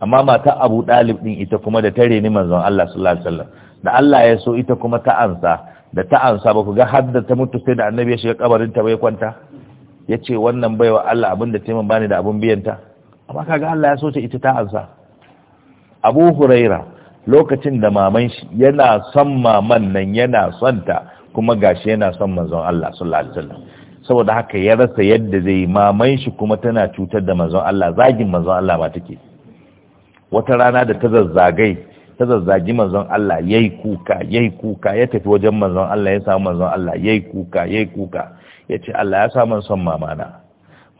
amma mata Abu Dalib din ita kuma da tare ni manzon Allah sallallahu alaihi wasallam da Allah ya so ita kuma ta ansa da ta ansa ba ku ga har da ta mutu sai da annabi ya shiga kabarin ta bai kwanta yace wannan baiwa Allah abin da taimin bani da abin biyan ta amma kaga Allah ya so ta ita ta ansa Abu Hurairah lokacin da maman shi yana son maman nan yana son ta kuma gashi yana son manzon Allah sallallahu alaihi wasallam saboda haka ya rasa yadda zai maman shi kuma tana cutar da manzon Allah zagin manzon Allah ma take wata rana da ta zazzagai ta zazzagi manzon Allah yayi kuka yayi kuka ya tafi wajen manzon Allah ya samu manzon Allah yayi kuka yayi kuka yace Allah ya samu son mamana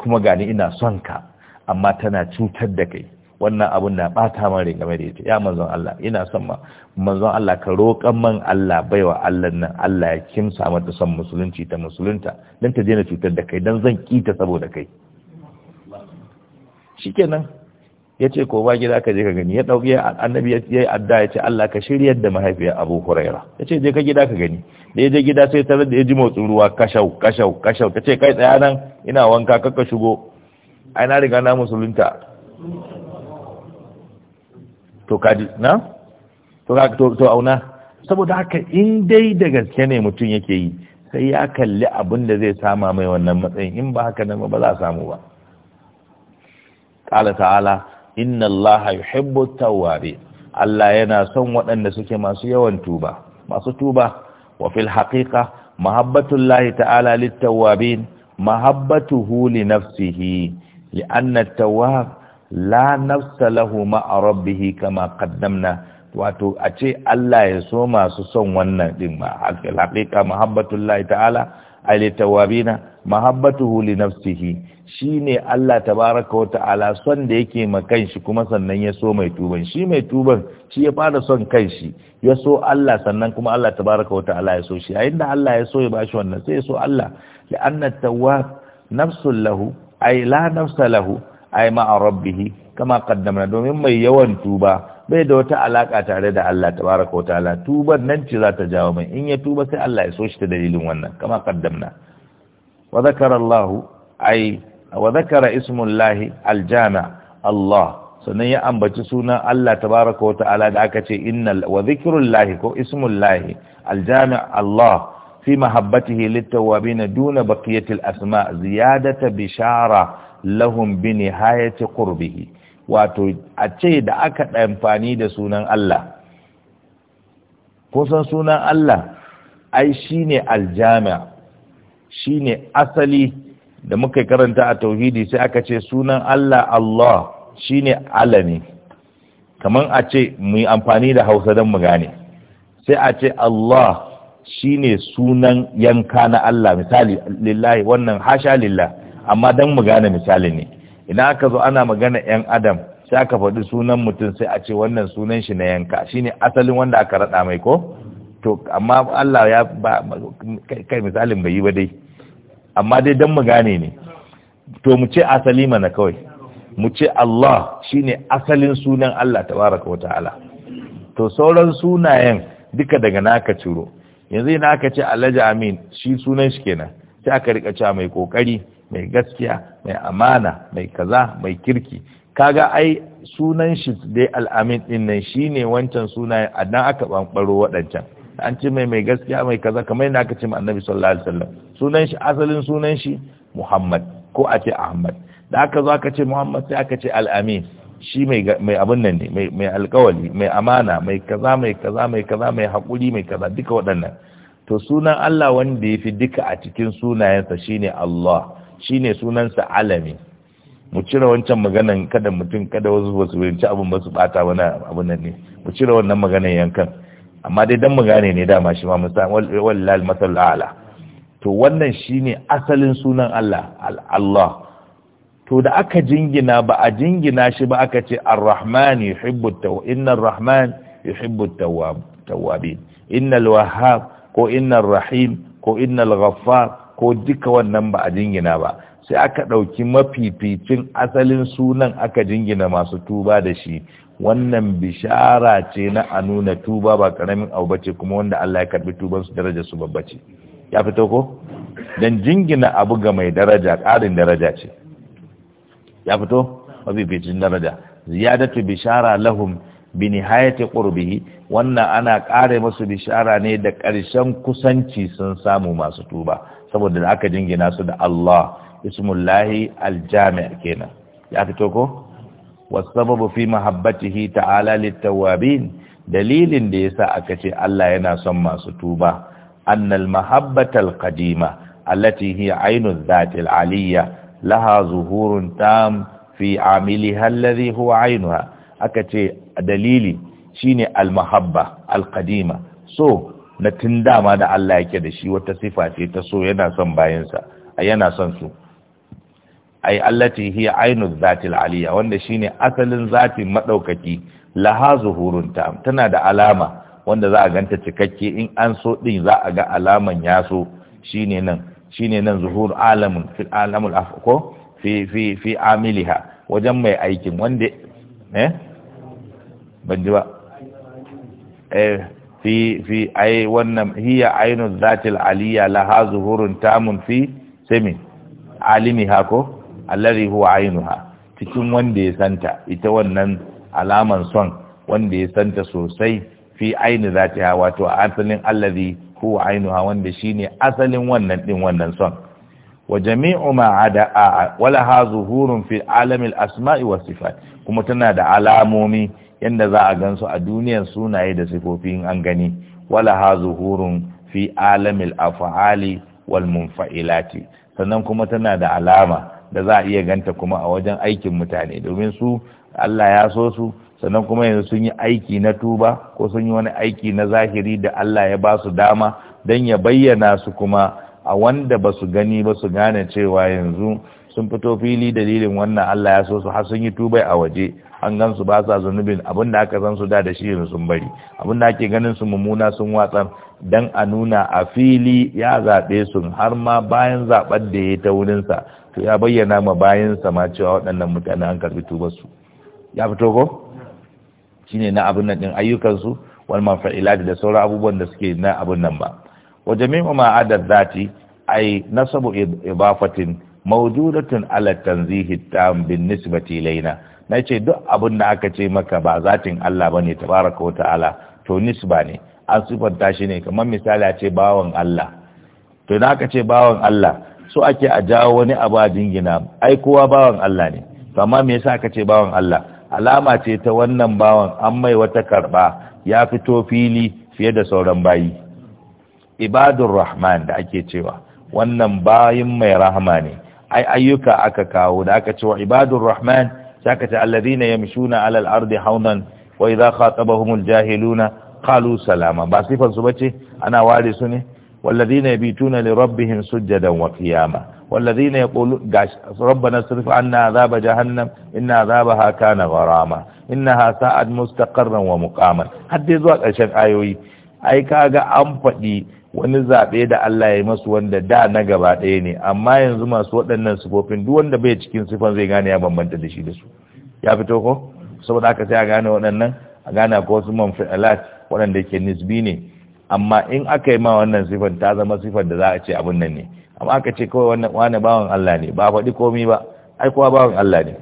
kuma gani ina son ka amma tana cutar da kai wannan abun na bata man rai game da ita ya manzon Allah ina son ma manzon Allah ka roƙan man Allah baiwa Allah nan Allah ya kimsa mata son musulunci ta musulunta dan ta daina cutar da kai dan zan kita saboda kai shikenan yace ko ba gida ka je ka gani ya dauke annabi ya yi adda yace Allah ka shirya da mahaifiyar Abu Huraira yace je ka gida ka gani da ya je gida sai ta da ya ji motsin ruwa kashau kashau kashau tace kai tsaya nan ina wanka kakka shigo ai na riga na musulunta to kaji na to ka to auna saboda haka in dai da gaske ne mutum yake yi sai ya kalli abin da zai sama mai wannan matsayin in ba haka nan ba za a samu ba ƙala ta'ala inna allah yuhibbu tawwabin Allah yana son waɗanda suke masu yawan tuba masu tuba wa fil haqiqa mahabbatullahi ta'ala lit-tawwabin mahabbatuhu li nafsihi li anna at-tawwab la nafsa lahu ma'a rabbih kama qaddamna wato a ce Allah ya so masu son wannan din ma haqiqa mahabbatullahi ta'ala ali tawabina mahabbatuhu li nafsihi shine Allah tabaraka ta'ala son da yake ma kanshi kuma sannan ya so mai tuban shi mai tuban shi ya fara son kanshi ya so Allah sannan kuma Allah tabaraka ta'ala ya so shi A da Allah ya so ya bashi wannan sai ya so Allah li anna tawwab lahu ay la nafsa lahu ai ma'a rabbihi kama qaddamna domin mai yawan tuba bai da wata alaka tare da Allah tabaraka wataala tuban nan ce za ta jawo mai in ya tuba sai Allah ya so shi ta dalilin wannan kama qaddamna wa zakara Allah ai wa zakara ismullahi aljama Allah sannan ya ambaci sunan Allah tabaraka wataala da aka ce innal wa zikrullahi ko ismullahi aljami Allah fi mahabbatihi littawabin duna baqiyatil asma ziyadata bishara lahum bi nihayati qurbihi wato a ce da aka amfani da sunan Allah kusan sunan Allah ai shine aljami'a shine asali da muka karanta a tauhidi sai aka ce sunan Allah Allah shine alami kaman a ce mu amfani da Hausa don mu gane sai a ce Allah shine sunan yanka na Allah misali lillahi wannan hasha lillahi amma dan mu gane misali ne ina aka zo ana magana yan adam sai aka faɗi sunan mutum sai a ce wannan sunan shi na yanka shine asalin wanda aka raɗa mai ko to amma Allah ya ba kai misalin bai yi ba dai amma dai dan mu gane ne to mu ce asali mana kawai mu ce Allah shine asalin sunan Allah tabaraka wa ta'ala to sauran sunayen duka daga naka ciro yanzu ina aka ce Alhaji Amin shi sunan shi kenan sai aka rika cewa mai kokari mai gaskiya mai amana mai kaza mai kirki kaga ai sunan shi dai al'amin din nan shine wancan sunayen dan aka bambaro waɗancan an ce mai mai gaskiya mai kaza kamar yadda aka ce annabi sallallahu alaihi wasallam sunan shi asalin sunan shi Muhammad ko a ce Ahmad da aka zo aka ce Muhammad sai aka ce al'amin shi mai abun nan ne mai alkawali mai amana mai kaza mai kaza mai kaza mai hakuri mai kaza duka waɗannan to sunan Allah wanda ya fi duka a cikin sunayensa shine Allah Shi ne sunansa alami mu cire wancan maganan kada mutum kada wasu ba su rinci abin ba su bata wani abin nan ne mu cire wannan maganan yankan amma dai dan mu gane ne dama shi ma musa wallahi masal ala to wannan shine asalin sunan Allah Allah to da aka jingina ba a jingina shi ba aka ce ar-rahman yuhibbu at inna ar-rahman yuhibbu tawwab tawwabin inna al-wahhab ko inna ar-rahim ko inna al-ghaffar ko duka wannan ba a jingina ba sai aka ɗauki mafificin asalin sunan aka jingina masu tuba da shi wannan bishara ce na a nuna tuba ba ƙaramin abu bace kuma wanda Allah ya karɓi tubansu daraja su babba ce ya fito ko dan jingina abu ga mai daraja ƙarin daraja ce ya fito mafificin daraja ziyadatu bishara lahum bi nihayati qurbihi wannan ana kare musu bishara ne da ƙarshen kusanci sun samu masu tuba saboda da aka jingina su da Allah ismullahi aljami' kenan ya fito ko wasababu fi mahabbatihi ta'ala littawabin dalilin da yasa aka ce Allah yana son masu tuba annal mahabbatal qadima allati hiya ainu zatil aliyya laha zuhurun tam fi amiliha alladhi huwa ainuha aka ce dalili shine almahabba alqadima so na tun dama da Allah yake da shi wata sifa ce ta so yana son bayansa yana son su ai allati hiya ainu zatil aliya wanda shine asalin zatin madaukaki laha zuhurun tam tana da alama wanda za a ganta cikakke in an so din za a ga alaman ya so shine nan shine nan zuhur alamun fil alamul afko fi fi fi amiliha wajen mai aikin wanda eh ban ji ba eh fi fi ai wannan hiya ainu zatil aliyya laha zuhurun tamun fi sami alimi hako alladhi huwa ainuha cikin wanda ya santa ita wannan alaman son wanda ya santa sosai fi aini zatiha wato asalin alladhi huwa ainuha wanda shi ne asalin wannan din wannan son wa jami'u ma ada wala ha zuhurun fi alamil asma'i was kuma tana da alamomi yanda za a gansu a duniyar sunaye da sifofin an gani wala ha zuhurun fi alamil af'ali wal munfa'ilati sannan kuma tana da alama da za a iya ganta kuma a wajen aikin mutane domin su Allah ya so su sannan kuma yanzu sun yi aiki na tuba ko sun yi wani aiki na zahiri da Allah ya ba su dama don ya bayyana su kuma a wanda ba su gani ba su gane cewa yanzu sun fito fili dalilin wannan Allah ya so su har sun yi tubai a waje an gan su ba sa zunubin abin da aka san su da da shi sun bari abin da ake ganin su mummuna sun watsar dan a nuna a fili ya zaɓe su har ma bayan zaɓar da ya ta wurinsa to ya bayyana ma sa ma cewa waɗannan mutane an karɓi su. ya fito ko shine na abin nan ɗin ayyukansu wal manfa'ilati da sauran abubuwan da suke na abin nan ba wa jami'u ma adad zati ay nasabu ibafatin mawjudatun ala tanzihi tam bin nisbati ilaina na ce duk abin da aka ce maka ba zatin Allah ba ne tabaraka wa ta'ala to nisba ne an sifanta shi ne kamar misali a ce bawan Allah to na aka ce bawan Allah so ake a jawo wani abu a jingina ai kowa bawan Allah ne to amma me yasa aka ce bawan Allah alama ce ta wannan bawan an mai wata karba ya fito fili fiye da sauran bayi ibadur rahman da ake cewa wannan bayin mai rahama ne ai ayyuka aka kawo da aka cewa ibadur rahman sakata alladhina yamshuna ala al-ardi haunan wa idha khatabahum al-jahiluna qalu salama ba sifan su bace ana ware su ne walladhina yabituna li rabbihim sujadan wa qiyama walladhina yaqulu rabbana sirf anna adhab jahannam inna adhabaha kana gharama innaha sa'ad mustaqarran wa muqama hadde zuwa karshen ayoyi ai kaga an fadi wani zaɓe da Allah ya yi masu wanda da na gaba ɗaya ne amma yanzu masu waɗannan sufofin duk wanda bai cikin sifan zai gane ya bambanta da shi da su ya fito ko saboda aka sai a gane waɗannan a gane ko wasu man fi'alat waɗanda ke nisbi ne amma in aka yi ma wannan sifan ta zama sifan da za a ce abin nan ne amma aka ce kawai wannan wani bawan Allah ne ba faɗi komi ba ai kowa bawan Allah ne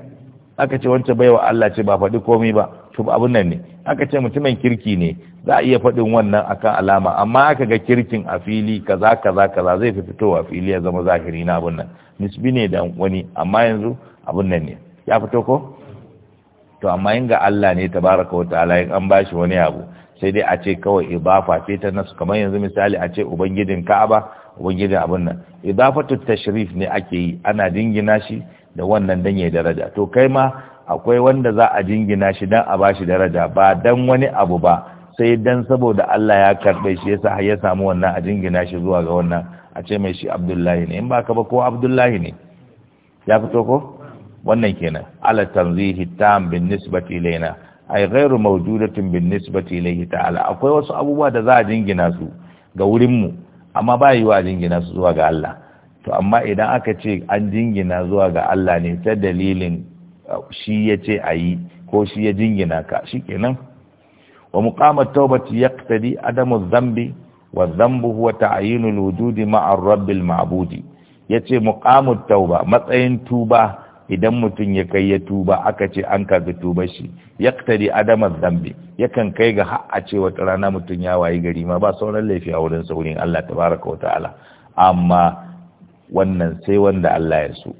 aka ce wancan baiwa Allah ce ba faɗi komi ba to abin nan ne aka ce mutumin kirki ne za a iya faɗin wannan akan alama amma aka ga kirkin a fili kaza kaza kaza zai fi fitowa fili ya zama zahiri na abun nan nisbi ne da wani amma yanzu abun nan ne ya fito ko to amma yin ga Allah ne tabaraka wa wata in an ba shi wani abu sai dai a ce kawai idafa ce ta nasu kamar yanzu misali a ce ubangijin Ka'aba ubangijin abun nan idafatu tashrif ne ake yi ana dingina shi da wannan dan daraja to kai ma akwai wanda za a jingina shi dan a ba shi daraja ba dan wani abu ba sai dan saboda Allah ya karbe shi yasa ya samu wannan a jingina shi zuwa ga wannan a ce mai shi Abdullahi ne in ba ka ba ko Abdullahi ne ya fito ko wannan kenan ala tanzihi tam bin nisbati ilaina ai ghairu mawjudatin bin nisbati ilayhi ta'ala akwai wasu abubuwa da za a jingina su ga wurin mu amma ba yi wa jingina su zuwa ga Allah to amma idan aka ce an jingina zuwa ga Allah ne ta dalilin shi ya ce a yi ko shi ya jingina ka shi kenan wa muqamat taubati yaqtadi adamu dhanbi wa dhanbu huwa ta'yinu wujudi ma'a rabbil ma'budi yace mukamar tauba matsayin tuba idan mutum ya kai ya tuba aka ce an kaga tuba shi yaqtadi adamu dhanbi yakan kai ga har a ce wata rana mutum ya wayi gari ma ba sauran laifi a wurin saurin Allah tabaraka wa ta'ala amma wannan sai wanda Allah ya so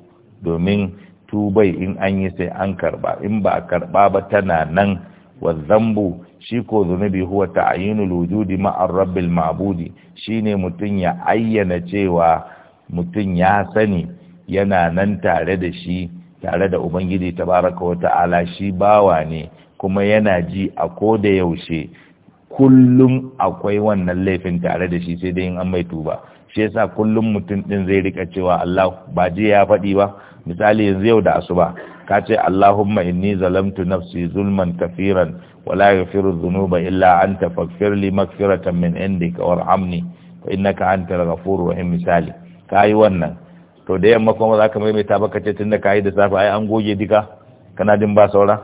domin tubai in an yi sai an karba in ba a karba ba tana nan wa zambu shi ko zunubi huwa ayinu wujudi ma'ar rabbil ma'budi shine mutum ya ayyana cewa mutum ya sani yana nan tare da shi tare da ubangiji tabaraka wa ta'ala shi bawa ne kuma yana ji a ko da yaushe kullum akwai wannan laifin tare da shi sai dai in an mai tuba shi yasa kullum mutum din zai rika cewa Allah ba ji ya faɗi ba misali yanzu yau da asuba ka ce Allahumma inni zalamtu nafsi zulman kafiran wala yaghfiru dhunuba illa anta faghfir li maghfiratan min indika warhamni fa innaka antal ghafurur rahim misali kai wannan to da yamma kuma zaka mai tabaka ce tunda kai da safi ai an goge dika kana din ba saura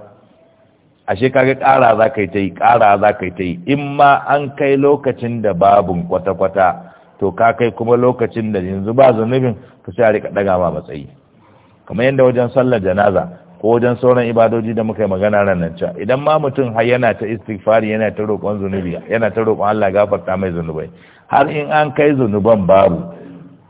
ashe kaga kara zaka yi kara yi zaka yi ta in ma an kai lokacin da babun kwata-kwata to ka kai kuma lokacin da yanzu ba zunubin to sai a rika daga ma matsayi kamar yadda wajen sallar janaza ko wajen sauran ibadoji da muka yi magana ranar cewa, idan ma mutum har yana ta istighfari yana ta roƙon zunubi yana ta roƙon Allah gafarta mai zunubai har in an kai zunuban babu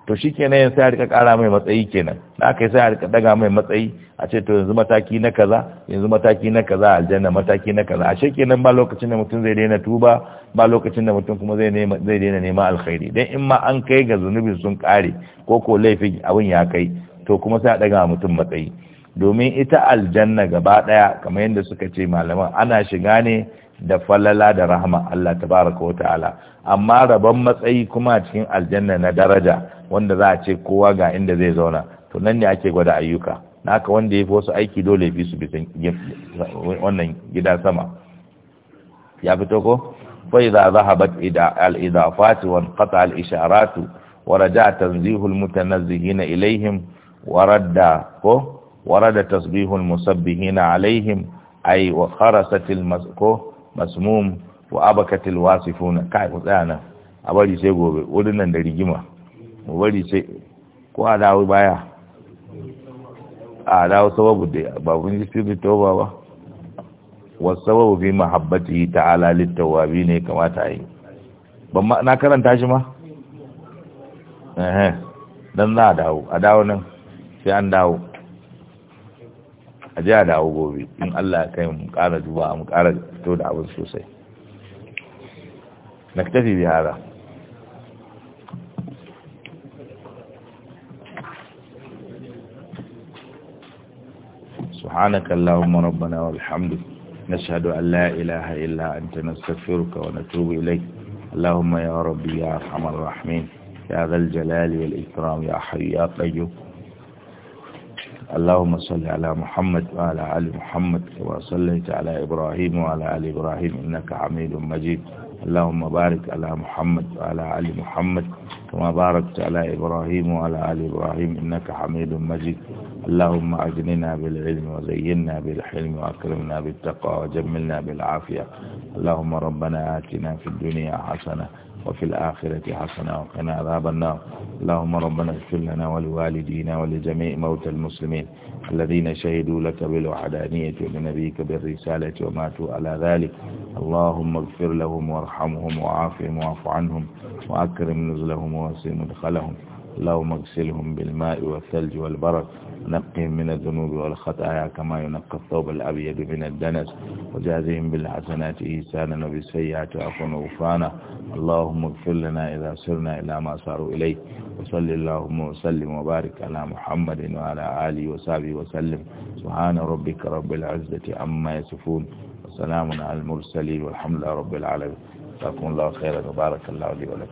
to shi yin sai a ƙara mai matsayi kenan da aka yi sai a daga mai matsayi a ce to yanzu mataki na kaza yanzu mataki na kaza aljanna mataki na kaza a shi kenan ba lokacin da mutum zai daina tuba ba lokacin da mutum kuma zai daina neman alkhairi dan in ma an kai ga zunubi sun kare ko ko laifi abin ya kai to kuma sai a daga mutum matsayi domin ita aljanna gaba ɗaya kamar yadda suka ce malaman ana shiga ne da falala da rahama Allah tabaraka wa ta'ala amma rabon matsayi kuma cikin aljanna na daraja wanda za a ce kowa ga inda zai zauna to nan ne ake gwada ayyuka naka wanda ya fi wasu aiki dole ya fi su bisan wannan gida sama ya fito ko فإذا ذهبت الإضافات وانقطع الإشارات ورجع تنزيه المتنزهين إليهم waradda ko warada tasbihul musabbihina alaihim ay wa kharasatil masqo masmum wa abakatil wasifuna kai ku tsaya nan a bari sai gobe wurin nan da rigima mu bari sai ko a dawo baya a dawo sababu da babun jisirin tauba ba wasu fi mahabbati ta'ala littawabi ne kamata yi ban ma na karanta shi ma? ehe don za a dawo a dawo nan sai an dawo a ji a dawo gobe in Allah kai mu kara duba mu kara fito da abin sosai na tafi bi hada سبحانك اللهم ربنا والحمد نشهد أن لا إله إلا أنت نستغفرك ونتوب إليك اللهم يا ربي يا أرحم الراحمين يا ذا الجلال والإكرام يا حي يا قيوم اللهم صل على محمد وعلى آل محمد كما صليت على إبراهيم وعلى آل إبراهيم إنك حميد مجيد اللهم بارك على محمد وعلى آل محمد كما باركت على إبراهيم وعلى آل إبراهيم إنك حميد مجيد اللهم أجننا بالعلم وزينا بالحلم وأكرمنا بالتقوى وجملنا بالعافية اللهم ربنا آتنا في الدنيا حسنة وفي الآخرة حسنة وقنا عذاب النار اللهم ربنا اغفر لنا ولوالدينا ولجميع موتى المسلمين الذين شهدوا لك بالوحدانية ولنبيك بالرسالة وماتوا على ذلك اللهم اغفر لهم وارحمهم وعافهم واعف عنهم وأكرم نزلهم ووسع مدخلهم اللهم اغسلهم بالماء والثلج والبرد نقهم من الذنوب والخطايا كما ينقى الثوب الأبيض من الدنس وجازهم بالحسنات إيسانا وبالسيئات عفوا وغفرانا اللهم اغفر لنا إذا سرنا إلى ما صاروا إليه وصل اللهم وسلم وبارك على محمد وعلى آله وصحبه وسلم سبحان ربك رب العزة عما يصفون وسلام على المرسلين والحمد لله رب العالمين جزاكم الله خيرا وبارك الله لي ولكم